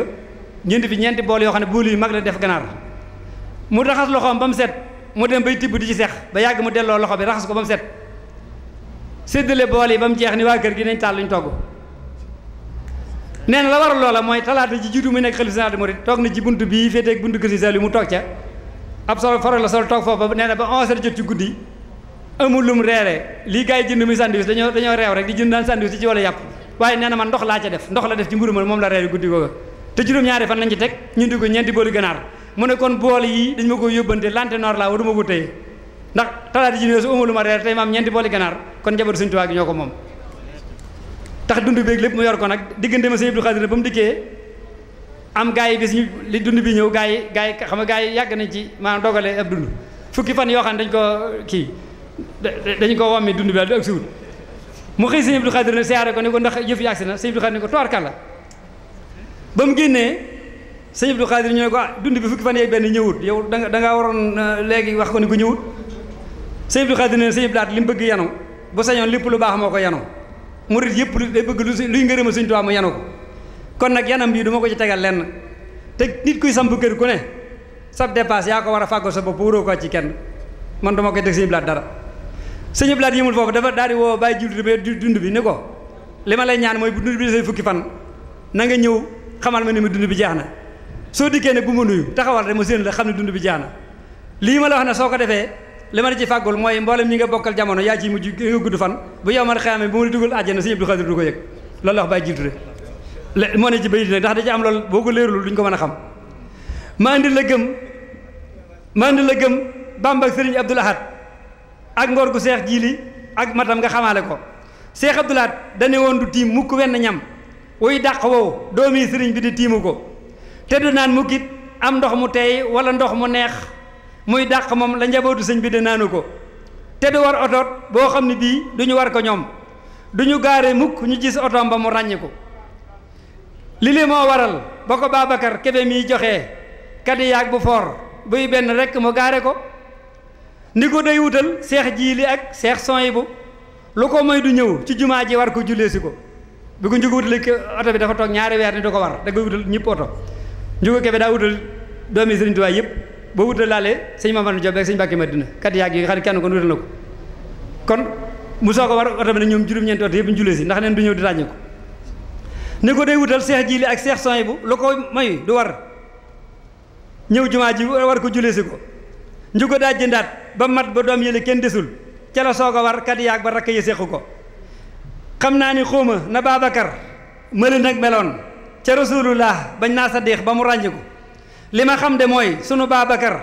jënd fi ñeenti bool yoo xam ne bool yu mag la def ganaar mu raxas loxoom ba mu set mu dem bay tibb di ci seex ba yàgg mu delloo loxo bi raxas ko ba mu set séddale bool yi ba mu jeex ni waa kër gi nañ taal luñ togg nee na la war loola mooy talaata ji jiitu muy nekk xalifa général des mourides toog na ci bunt bii féetee ak buntu kër Sëriñ Saliou mu toog ca ab sol foro la sol toog foofu ba nee na ba 11h jot ci guddi amul lum reere lii gars yi jënd muy sandwich dañoo dañoo reew rek di na man ndox laa ca def la def ci mburu ma la reere guddi googa te juróom-ñaari fan lañ ci teg ñu ko ñeenti booli ganaar mu ne kon bool yi dañ ma ko yóbbante lante noor laa waruma ko téye ndax talaata ji ne su umalu ma reer tey maam ñeenti booli ganaar kon njaboot suñu tuwaa ak ñoo ko moom tax dund beeg lépp mu yor ko nag diggante ma sëñ Abdou Khadir ba mu dikkee am gaa yi bis ñu li dund bi ñëw gaa yi gaa yi xam nga gaa yi yàgg nañ ci maanaam dogale ab dund fukki fan yoo xam ne dañ ko kii dañ ko wommi dund dundu daal di ak ko ni ko ndax yëf yi agsi na ne ko toor kàlla ba mu génnee sëñ Abdou Khadir ñu ko ah bi fukki fan yee benn ñëwut yow da nga da ngaa waroon euh, léegi wax ko ni ko ñëwut sëñ Abdou Khadir ne sëñ Abdou Lahat li mu bëgg yanu bu sañoon lépp lu baax moo ko mu murit yëpp lu day bëgg lu luy ngërëmal Sëñ Tuubaa mu yanu ko kon nag yanam bii du ma ko ci tegal na te nit kuy samp kër ku ne sab dépasse yaa ko war a fàggoo sa bopp ko ci kenn man du ma koy teg sëñ Abdou Lahat dara sëñ Abdou Lahat foofu dafa daal di woo bàyyi jullit bi dund bi ni ko li ma lay ñaan mooy bu dund fukki fan na nga ñëw xamal ma ni ma dund bi jeex na soo dikkee ne bu ma nuyu taxawal rek ma séen la xam ne dund bi jeex na lii ma la wax ne soo ko defee li ma la ci fàggul mooy mboolem ñi nga bokkal jamono yaa ci mujj nga gudd fan bu yow ma la dugal àjjana Sëriñ Abdou Khadre du ko yëg ci bayit ndax da ci am ko léerul duñ ko mën a ma indi la gëm ma indi la gëm Bamba ak Sëriñ Abdou Lahad ak ngor gu seex jiili ak matam nga xamaale ko seex Abdou Lahad woon du tiim mukk wenn ñam wuy dàq wow doomi sëriñ bi di tiimu ko te du naan mu mukkit am ndox mu teey wala ndox mu neex muy dàq moom la njabootu sëñ bi di naanu ko te du war otoot boo xam ne bii du war ko ñoom du gaare mukk ñu gis otoom ba mu ràññ ko li li moo waral ba ko Babacar Kebe miy joxe kadiyaag bu foor buy benn rekk mu gaare ko ni ko day wutal seex li ak seex son yi bu lu ko moy du ñëw ci jumaa ji war ko jullee si ko bi ko njuga wutale uh, oto bi dafa toog ñaari weer ni du ko war da koy wutal ñëpp oto njuga kebe daa wutal doomi sëriñ Tuubaa yëpp boo wutal laalee sëñ Mamadou Diop rek sëñ Mbàkke Madina kat yaag yi nga xam ne kenn na ko kon mu soo ko war oto bi ne ñoom juróom julee si ndax neen du di ràññe ko ni ko day wutal seex ji li ak seex sony bu lu ko may du war ñëw jumaa ji war ko julee si ko njuga daa jëndaat ba mat ba doom yële kenn desul ca la soo ko war kat yaag ba rakk yi séqu ko xam naa ni xóoma na Babacar mëli nag meloon ca rasulullah bañ naa sa deex ba mu ràññiku li ma xam de mooy sunu baabakar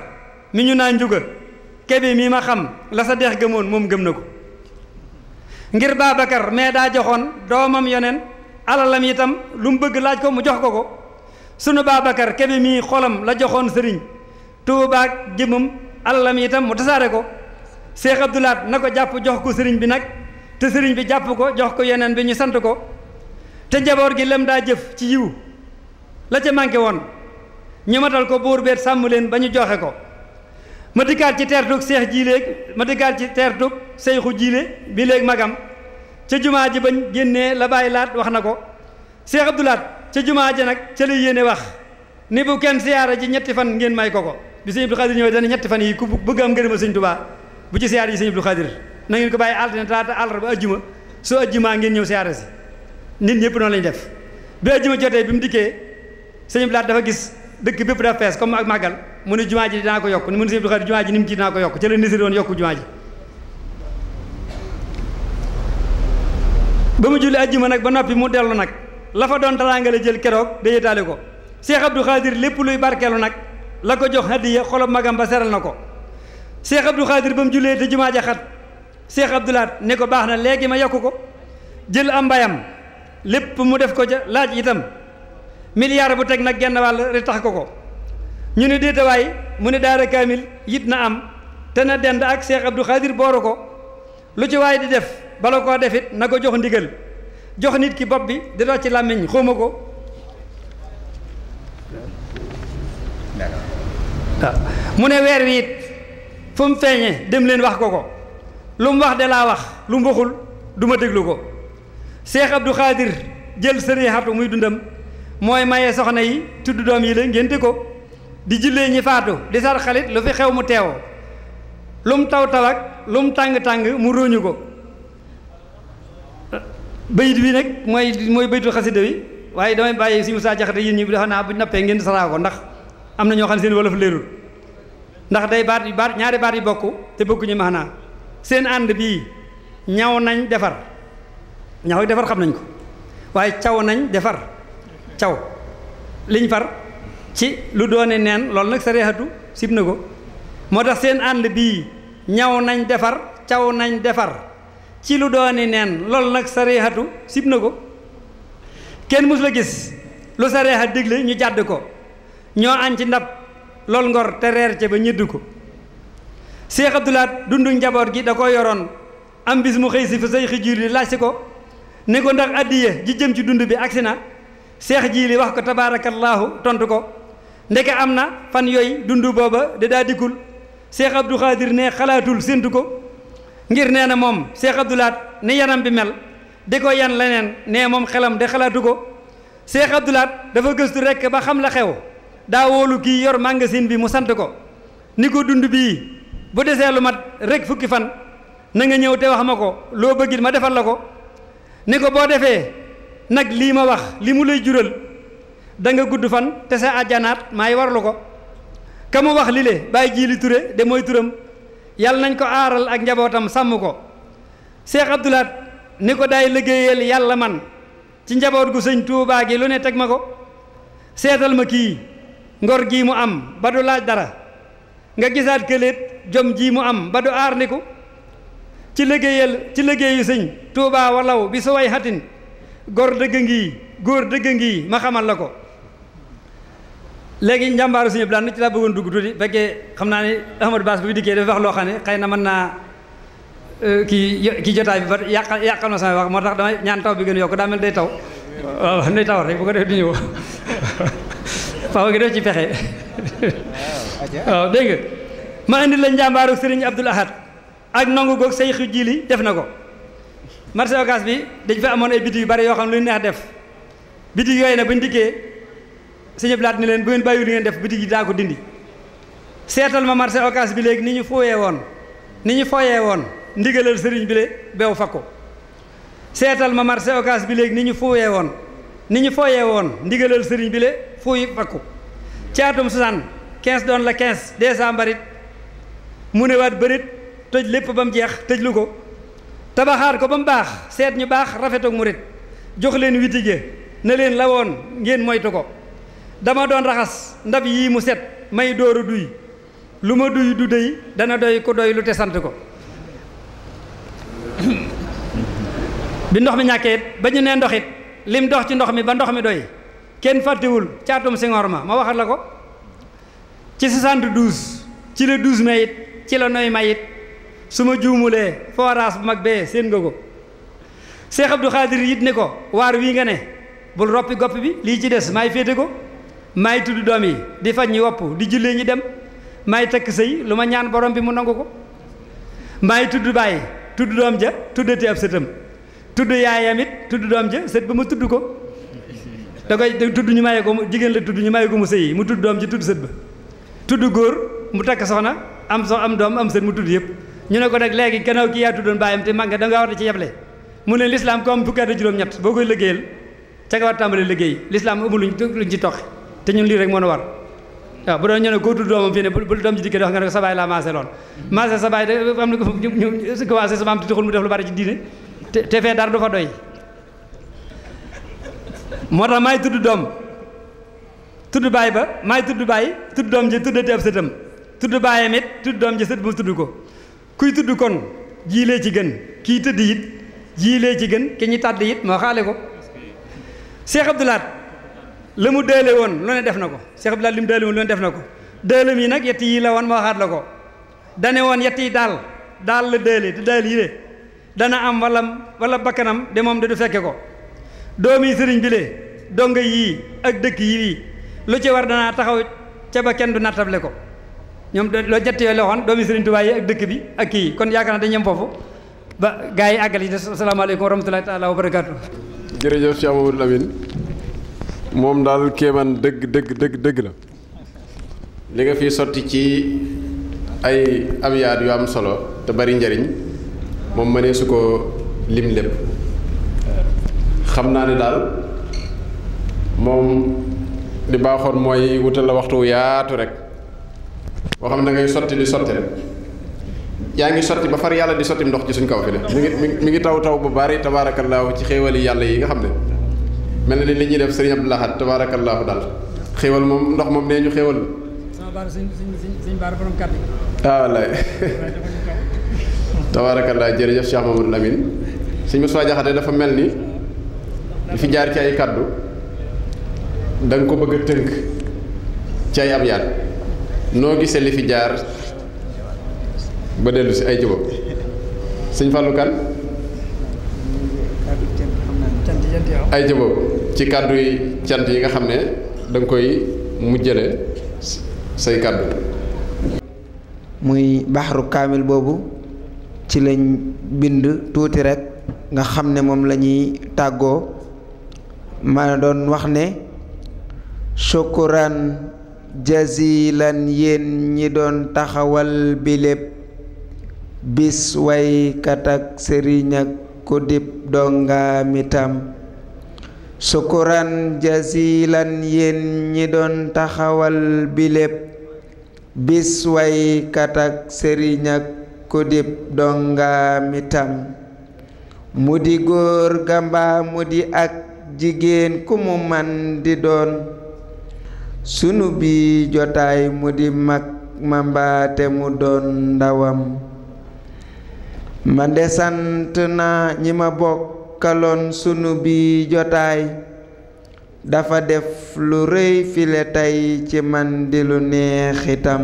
mi ñu naa njuga kebi mi ma xam la sa deex gëmoon moom gëm na ko ngir Babacar mais daa joxoon doomam yoneen alalam itam lu mu bëgg laaj ko mu jox ko ko sunu Babacar kebi mi xolam la joxoon sëriñ tuubaak jëmam alalam itam mu tasaare ko Cheikh Abdoulaat na ko jàpp jox ko sëriñ bi nag te sëriñ bi jàpp ko jox ko yeneen bi ñu sant ko te njaboot gi lem daa jëf ci yiw la ca manqué woon ñu matal ko buur beet sàmm leen ba ñu joxe ko ma dikkaat ci teertug seex jii léeg ma dikkaat ci teertug seyxu jiile bi léeg magam ca jumaa ji bañ génnee la bàyyi laat wax na ko seex abdulaat ca jumaa ji nag ca la yéene wax ni bu kenn siyaara ji ñetti fan ngeen may ko ko bi sëñ Abdou Khadir ñëwee dana ñetti fan yi ku bëgg am ngërëma sëñ Tubaa bu ci siyaara ji sëñ Abdou na ngeen ko bàyyi altine talaata àllarba ajjuma soo ajjumaa ngeen ñëw si si nit ñëpp noonu lañ def bi ajjuma jotee bi mu dikkee sëñ bi laat dafa gis dëkk bépp dafa fees comme ak màggal mu ne jumaa ji dinaa ko yokk mu ne sëñ bi xarit jumaa ji ni mu ko yokk ci la nisir woon jumaa ji ba mu julli ajjuma nag ba noppi mu dellu nag lafa doon taraanga la jël keroog da yéetaale ko Cheikh Abdou Khadir lépp luy barkeelu nag la ko jox hadiya xolob magam ba seral na ko Cheikh Abdou Khadir mu jullee te jumaa Cheikh Abdoulaat ne ko baax na léegi ma yokk ko jël am mbayam lépp mu def ko ja laaj yitam milliard bu teg nag genn wàll ri tax ko ko ñu ne déetawaay mu ne daara kaamil yit na am te na dend ak Cheikh Abdou Khadir booru ko lu ci waay di def bala koo defit na ko jox ndigal jox nit ki bopp bi di dox ci làmmiñ xóoma ko ah, mu ne weer wi it fu mu feeñe dem leen wax ko ko lu mu wax de laa wax lu mu waxul du ma déglu ko Cheikh du Khadir jël sëriñ Abdou muy dundam mooy maye soxna yi tudd doom yi la ngénte ko di jullee ñi faatu di sar xalit lu fi xew mu teew lu mu taw taw ak lu mu tàng-tàng mu róoñu ko bayit bi nag mooy mooy baytu xasida wi waaye damay bàyyi suñu saa jaxate yéen ñi bi dafa naa bu nappee ngeen saraa ko ndax am na ñoo xam ne seen wolof leerul ndax day baat baat ñaari baat yi bokk te bokkuñu maanaa seen ànd bii ñaw nañ defar ñaw defar xam nañ ko waaye caw nañ defar caw liñ far ci lu doone neen loolu nag sa reexatu na ko moo tax seen ànd bii ñaw nañ defar caw nañ defar ci lu doone neen loolu nag sa reexatu na ko kenn mus la gis lu sa reexa digle ñu jàdd ko ñoo añ ci ndab lool ngor te reer ca ba ñëdd ko Cheikh Abdou Lahad dundu njaboot gi da ko yoroon am bis mu xëy si fa Cheikh Jili laaj si ko ne ko ndax addiye ji jëm ci dund bi agsi na Cheikh Jili wax ko tabaarakallaahu tontu ko ndeke am na fan yooyu dund booba da daa dikkul Cheikh Abdou Khadir ne xalaatul séntu ko ngir nee na moom Cheikh ni yanam bi mel di ko yan leneen nee moom xelam de xalaatu ko Cheikh Abdou dafa gëstu rek ba xam la xew daa wóolu kii yor magasin bi mu sant ko ni ko dund bu desee lu mat rek fukki fan na nga ñëw te wax ma ko loo bëggit ma defal la ko ni ko boo defee nag lii ma wax li mu lay jural da nga gudd fan te sa àjjanaat maay warlu ko ka mu wax li le bàyyi ji li ture de mooy turam yàlla nañ ko aaral ak njabootam sàmm ko Cheikh Abdoulaat ni ko daay liggéeyal yàlla man ci njaboot gu sëñ Tuubaa gi lu ne teg ma ko seetal ma kii ngor gi mu am ba du laaj dara nga gisaat këléet jom jii mu am ba du aar ndiku ci liggéeyal ci liggéeyu sëñ tuubaa walaw bi su way xatin góor dëgg ngii góor dëgg ngii ma xamal la ko léegi njàmbaaru suñu bilaan ci laa bëggoon dugg tuuti fekkee xam naa ne Ahmadou Bass bu dikkee dafa wax loo xam ne xëy na mën naa euh, kii kii jotaay bi ba yàqal yàqal na sama wax moo tax damay ñaan taw bi gën yokk daa mel day taw waaw day taw rek bu ko def du ñëw faaw gi def ci pexe waaw dégg nga ma indi la njàmbaaru sëriñ Abdul Ahad ak nangu goog Seexu Jili def na ko marché Ocass bi dañ fa amoon ay bari yoo xam ne lu neex def bitig yooyu nag buñ dikkee sëñ Blaat ni leen bu ngeen bàyyiwul def bitig yi daa dindi seetal ma marché Ocass bi léegi ni ñu fooyee woon ni ñu fooyee woon ndigalal sëriñ bi le beew fa ko seetal ma marché bi léegi ni ñu fooyee woon ni ñu fooyee woon ndigalal sëriñ bi le fuuy fakku ci atum 75 doon la 15 décembre it mu ne waat bërit tëj lépp ba mu jeex tëj lu ko tabaxaat ko ba mu baax seet ñu baax rafet ak murit jox leen witige na leen la woon ngeen moytu ko dama doon raxas ndab yii mu set may dooru duy lu ma duy du dey dana doy ko doy lu te sant ko bi ndox mi ñàkkee ba ñu nee ndox it lim dox ci ndox mi ba ndox mi doy kenn fàttewul caatum Senghor ma ma waxat ko ci 72 ci la 12 mai it ci la noy may it su ma juumulee forage bu mag bee séen nga ko Cheikh Abdou Khadir yit ne ko waar wii nga ne bul roppi gopp bi lii ci des maay féete ko maay tudd doom yi di faj ñi wopp di jullee ñi dem maay takk sëy lu ma ñaan borom bi mu nangu ko maay tudd bàyyi tudd doom ja tuddati ab sëtam tudd yaayam it tudd doom ja sët ba ma tudd ko da koy tudd ñu maye ko jigéen la tudd ñu maye ko mu sëyi mu tudd doom ji tudd sët ba tudd góor mu takk soxna am sox am doom am sët mu tudd yëpp ñu ne ko nag léegi gannaaw ki yaa tuddoon bàyyam te mag nga dangaa war ci yeble mu ne lislaam ko am fukki boo ci toqi te ñun lii rek moo nu war waaw bu doon ñu ne koo tudd doomam fii ne bu doom ji dikkee wax nga ne ko sa baay laa maase lool maase sa baay am na commencé sama am ti taxul mu def lu bari ci diine moo tax maay tudd doom tudd baay ba maay tudd baay tudd doom ji tuddati ab sëtam tudd baayam it tudd doom ji sët bu tudd ko kuy tudd kon jiilee ci gën kii tëdd it jiilee ci gën ki ñu tàdd it moo xaale ko Cheikh Abdou la mu deele woon lu ne def na ko Cheikh Abdou li mu deele woon lu ne def na ko deelem yi nag yett yii la woon moo xaat la ko dane woon yett yi daal daal la deele te daal yi de dana am wala wala bakkanam de moom de du fekke ko doomi sëriñ bi lee donga yii ak dëkk yii lu ci war danaa taxaw ca ba kenn du nattable ko ñoom loolu ñett yooyu la waxoon doomi sëriñ Tuubaa yi ak dëkk bi ak kii kon yaakaar naa dañu yem foofu ba gaa yi àggal sa des asalaamaaleykum wa rahmatulahi taala wa barakaatu. jërëjëf Cheikh Mamadou dëgg dëgg la. li fi sotti ci ay abyaat yu am solo te bari njariñ moom mënee su ko lim lépp. xam naa ne daal moom li baaxoon mooy wutal la waxtu yaatu rek boo xam na ngay sotti di sotti rek yaa ngi sotti ba far yàlla di sotti ndox ci suñ kaw fi de mi ngi mi ngi taw taw bu bari tabaarakallaahu ci xéewali yàlla yi nga xam ne mel na ni li ñuy def sëriñ Abdou Lahad tabaarakallaahu daal xéewal moom ndox moom nee ñu xéewal ah wallaay tabaarakallaahu jërëjëf Cheikh Mamadou Lamine sëñ Moussa Diakhaté dafa mel ni li fi jaar ci ay kàddu da ko bëgg a tënk ci ay abyaat noo gisee li fi jaar ba dellu si ay jubam sëñ Fallou ay jubam ci kàddu yi cant yi nga xam ne da koy mujjale say kàddu muy baxaru kaamil boobu ci lañ bind tuuti rekk nga xam ne moom lañuy tàggoo ma doon wax ne shukran jazilan yéen ñi doon taxawal biléb bis waykat ak sëriñ ak ku dib dongaamitam shukran jazilan yéen ñi doon taxawal biléb bis waykat ak sëriñ ak ku dib dongaamitam mu di góor gamba mu di ak jigéen ku mu man di doon sunu bi jotaay mu di mag ma mbaate mu doon ndawam ma desant na ñi ma bokkaloon sunu bi jotaay dafa def lu rëy file tey ci man di lu neex itam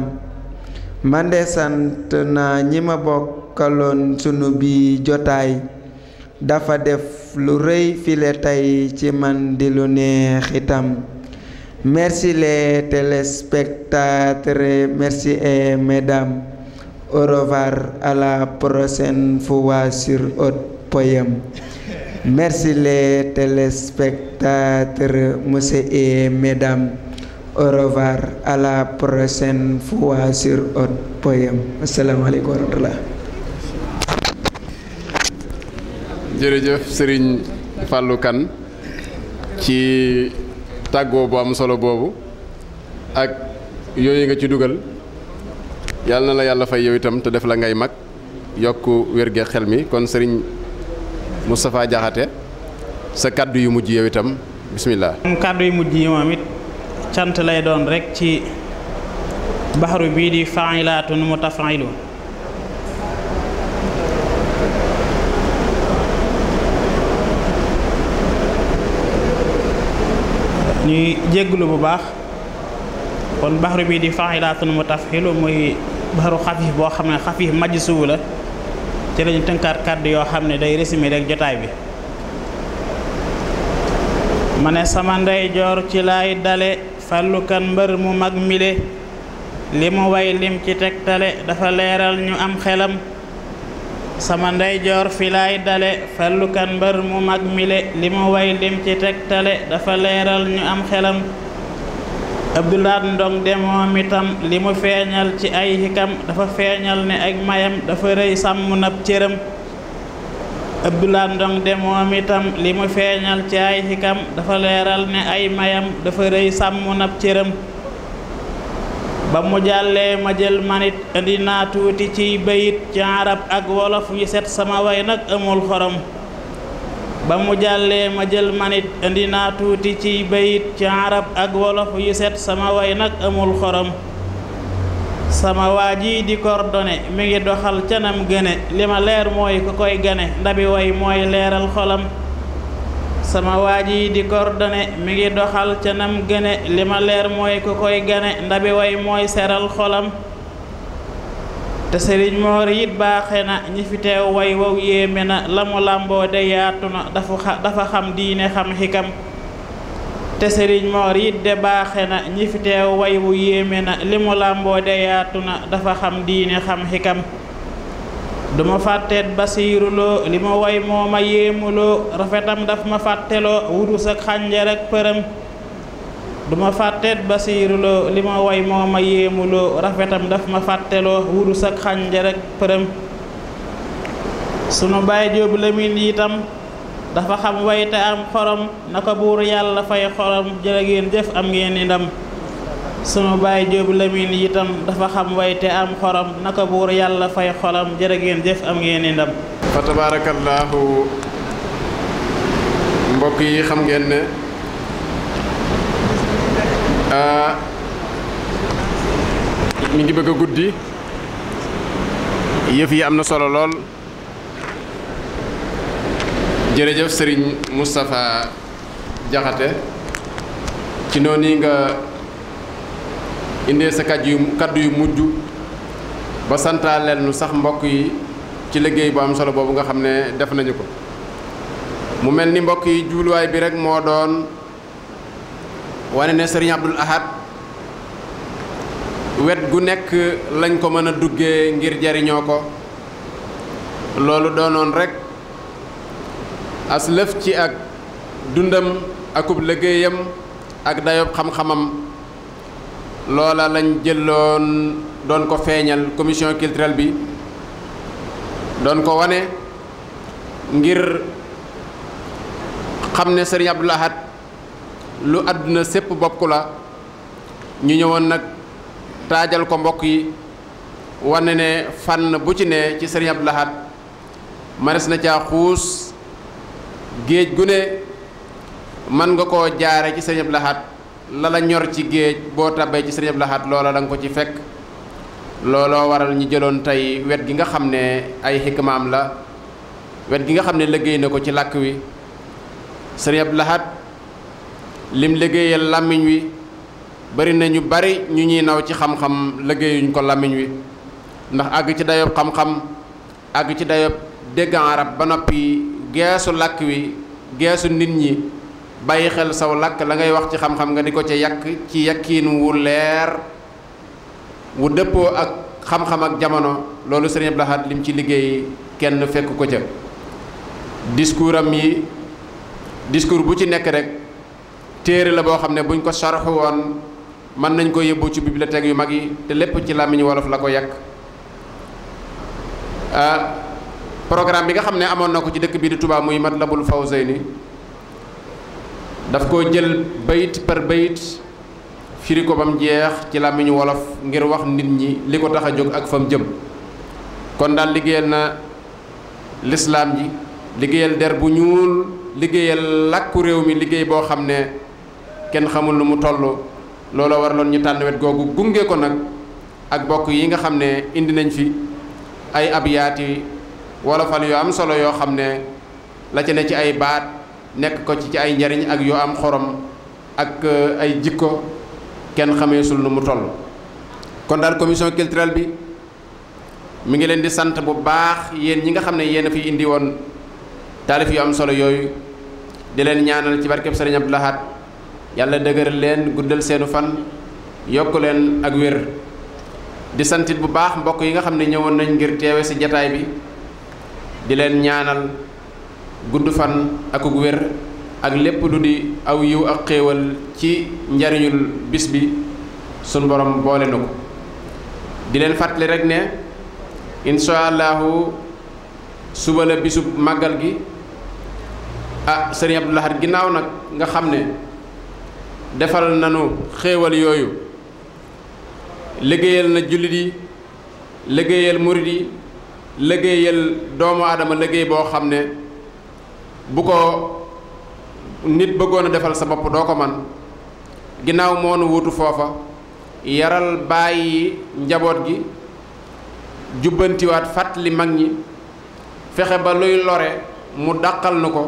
ma desant na ñi ma bokkaloon sunu bi jotaay dafa def lu rëy file tey ci man di lu neex itam merci les téléspectateurs merci et mesdames au à la prochaine fois sur autre poème merci les téléspectateurs monsieur et mesdames au à la prochaine fois sur autre poème jërëjëf sëriñ Fallou Kane ci tàggoo bu am solo boobu ak yooyu nga ci dugal yàlla na la yàlla fay yow itam te def la ngay mag yokk wér-ge xel mi kon sëriñ Moustapha Diakhaté sa kàddu yu mujj yow itam bisimilah. moom kàddu yu mujj yi moom cant lay doon rekk ci baxaru bii di faa'ilaatun mutafa'ilu ñuy jégglu bu baax kon baxaru bi di faxilaatun mutafxilu muy baxaru xafif boo xam ne xafif majj suwu la ci lañu tënkaat kàddu yoo xam ne day résumé rek jotaay bi ma ne sama ndeyjoor ci lay dale fàllukan mbër mu mag mile li mu way lim ci tegtale dafa leeral ñu am xelam sama ndeyjoor fi laay dale fàllukan mbër mu mag mile li mu way lim ci tegtale dafa leeral ñu am xelam abdulaat ndong de li mu feeñal ci ay xikam dafa feeñal ne ak mayam dafa rëy sàmm nab cëram abdulaat ndong de itam li mu feeñal ci ay xikam dafa leeral ne ay mayam dafa rëy sàmm nab cëram ba mu jàllee ma jël manit indi naa tuuti ciy bayit ci arab ak wolof yu set sama woy nag amul xorom ba mu jàllee ma jël manit indi naa tuuti ciy bayit ci arab ak wolof yu set sama woy nag amul xorom sama waa ji di coordonné mi ngi doxal canam gëne li ma leer mooy ku koy gane ndabi way mooy leeral xolam sama waa ji di coordonné mi ngi doxal ca nam gëne li ma leer mooy ku koy gane ndabi way mooy seral xolam te sëriñ moor it baaxe na ñi fi way wow yéeme na la mu làmboo de yaatu na dafa xam diine xam xikam te sëriñ moor it de baaxe na ñi fi teew way wu na li mu làmboo de yaatu na dafa xam diine xam xikam duma fàtteet basiiruloo li ma woy moo ma yéemuloo rafetam daf ma fàtteeloo wurus ak xànjar ak përëm duma fàtteet basiiruloo li ma woy moo ma yéemuloo rafetam dafa ma fàtteeloo wurus ak xànjar ak përëm sunu baay jóob lamin itam dafa xam way te am xorom na ko buur yàlla fay xorom jërë ngeen jëf am ngeen i ndam suma baay Jóob Lamin itam dafa xam way te am xorom naka buur yàlla fay xolam jërë ngeen jëf am ngeen i ndam yi xam ngeen ne mi guddi yëf na solo lool jërëjëf sëriñ Moustapha Jaxate ci noonu nga indee sa kàddu yu kàddu yu mujj ba santaaleel nu sax mbokk yi ci liggéey bu am solo boobu nga xam ne def nañu ko mu mel ni mbokk yi jubluwaay bi rek moo doon wane ne sëriñ Abdul wet gu nekk lañ ko mën a duggee ngir jariñoo ko loolu doonoon rek as lëf ci ak dundam akub liggéeyam ak dayob xam-xamam loola lañ jëloon doon ko feeñal commission culturelle bi doon ko wane ngir xam ne Serigne laxat lu àdduna sépp bopp la ñu ñëwoon nag taajal ko mbokk yi wane ne fànn bu ci ne ci Serigne laxat Ahad na caa xuus géej gu ne mën nga ko jaare ci Serigne Abdoul la la ñor ci géej boo tabee ci Sëriñ Abdou Lahad loola danga ko ci fekk looloo waral ñu jëloon tey wet gi nga xam ne ay xikmaam la wet gi nga xam ne liggéey na ko ci làkk wi Sëriñ Abdou Lahad lim liggéeyal làmmiñ wi bari na ñu bari ñu ñuy naw ci xam-xam liggéeyuñ ko làmmiñ wi ndax àgg ci dayob xam-xam àgg ci dayob dégg arab ba noppi geesu làkk wi geesu nit ñi bàyyi xel saw làkk la ngay wax ci xam-xam nga di ko ca yàkk ci yàkkiin wu leer wu dëppoo ak xam-xam ak jamono loolu sëriñ Abdou lim ci liggéey kenn fekk ko ca discours am yi discours bu ci nekk rek téere la boo xam ne buñ ko sarxu woon mën nañ ko yóbbu ci bibliothèque yu mag yi te lépp ci làmmiñ wolof la ko yàkk ah, programme bi nga xam ne amoon na ko ci dëkk bii di Touba muy Matlabul Fawzayni daf ko jël bayit par bayit firi ko bam jeex ci làmmiñu wolof ngir wax nit ñi li ko tax a jóg ak fa jëm kon daal liggéeyal na lislaam ji liggéeyal der bu ñuul liggéeyal làkku réew mi liggéey boo xam ne kenn xamul lu mu toll looloo waraloon ñu tànn wet googu gunge ko nag ak bokk yi nga xam ne indi nañ fi ay abiyaati wolofal yu am solo yoo xam ne la ca ne ci ay baat nekk ko ci ci ay njariñ ak yoo am xorom ak euh, ay jikko kenn xameesul nu mu toll kon daal commission culturelle bi mu ngi leen di sant bu baax yéen ñi nga xam ne yéen a fi indi woon taalif yu am solo yooyu di leen ñaanal ci barkeb Sëriñ Abdou yàlla dëgëral leen guddal seenu fan yokk leen ak wér di santit bu baax mbokk yi nga xam ne ñëwoon nañ ngir teewe si jataay bi di leen ñaanal gudd fan akuk wér ak lépp lu di aw yiw ak xéewal ci njariñul bis bi sunu borom boole na ko di leen fàttali rek ne incha allahu suba la bisub màggal gi a ah, sëriñ Abdou Lahad ginnaaw nag nga xam ne defal nanu xéewal yooyu liggéeyal na jullit yi liggéeyal murit yi liggéeyal doomu aadama liggéey boo xam ne bu ko nit bëggoon a defal sa bopp doo ko man ginnaaw moonu wutu foofa yaral bàyyi njaboot gi jubbantiwaat fàttali mag ñi fexe ba luy lore mu daqal nu ko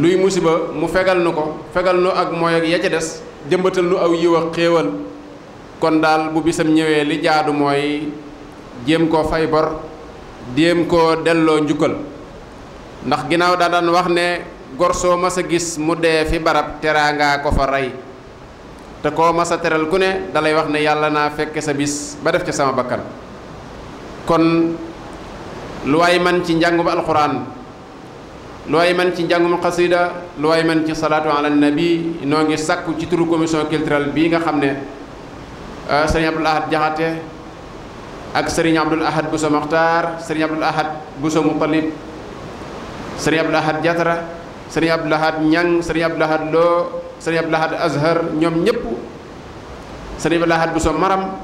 luy musiba mu fegal nu ko fegal nu ak mooy ak ya ca des jëmbatal nu aw yiw xéewal kon daal bu bisam ñëwee li jaadu mooy jéem koo fay bor jéem ko delloo njukkal ndax ginnaaw daa daan wax ne gor soo mas a gis mu dee fi barab teraangaa ko fa rey te koo mas a teral ku ne dalay wax ne yàlla naa fekke sa bis ba def ca sama bakkan kon lu waay man ci njàngum alxuraan lu waay man ci njàngum xasida lu waay man ci salaatu ne nabi noo ngi sàkku ci turu commission culturelle bii nga xam ne ah, sëriñ Abdul Ahad Jaxate ak sëriñ Abdul Ahad Bousso Maxtaar sëriñ Abdul Ahad Bousso Mutalib sëriñ Abdou Lahad Diatara sëriñ Abdou Lahad Ñang sëriñ Abdou Lahad Lo sëriñ Abdou Lahad Azhar ñoom ñëpp sëriñ Abdou Lahad Bousso Maram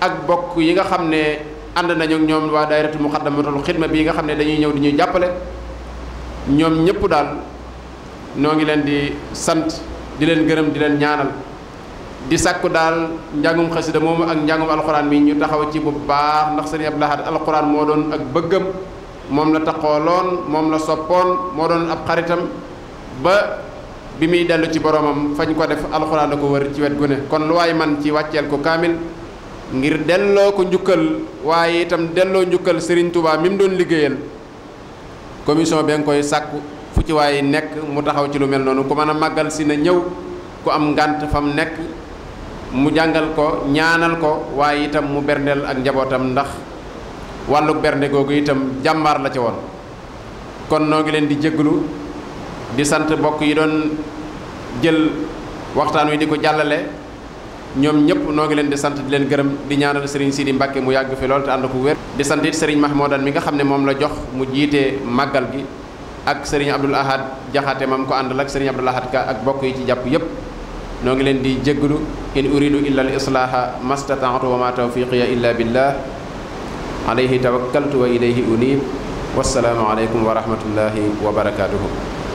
ak bokk yi nga xam ne ànd nañu ñoom waa daayiratu muqaddamatul xidma bi nga xam ne dañuy ñëw di ñuy jàppale ñoom ñëpp daal noo ngi leen di sant di leen gërëm di leen ñaanal di sàkku daal njàngum xasida moomu ak njàngum alxuraan mi ñu taxaw ci bu baax ndax sëriñ Abdou Lahad alxuraan moo doon ak bëggam moom la taxooloon moom la soppoon moo doon ab xaritam ba bi muy dellu ci boromam fañ ko def alxuraan la ko wër ci wet gu ne kon lu waay man ci wàcceel ko kaamil ngir delloo ko njukkal waaye itam delloo njukkal Serigne Touba mi mu doon liggéeyal commission bee nga koy sàkku fu ci waaye nekk mu taxaw ci lu mel noonu ku mën a màggal si na ñëw ku am ngànt fa mu nekk mu jàngal ko ñaanal ko waaye itam mu berndeel ak njabootam ndax wàlluk bernde googu itam jàmbaar la ci woon kon noo ngi leen di jégalu di sant mbokk yi doon jël waxtaan wi di ko jàllale ñoom ñëpp noo ngi leen di sant di leen gërëm di ñaanal Serigne Sidi Mbacke mu yàgg fi lool te ànd ko wér. di sant it Serigne Mahmoudan mi nga xam ne moom la jox mu jiite màggal gi ak sëriñ Abdoul Ahad jaxate mam ko àndal ak Serigne Abdoul Ahad ka ak bokk yi ci jàpp yëpp. noo ngi leen di jégalu in uridu illa al islaaha mastata'tu wa ma alayhi tawakkaltu wa ilayhi unib wassalaamu aleykum wa rahmatullahi wa barakaatuhu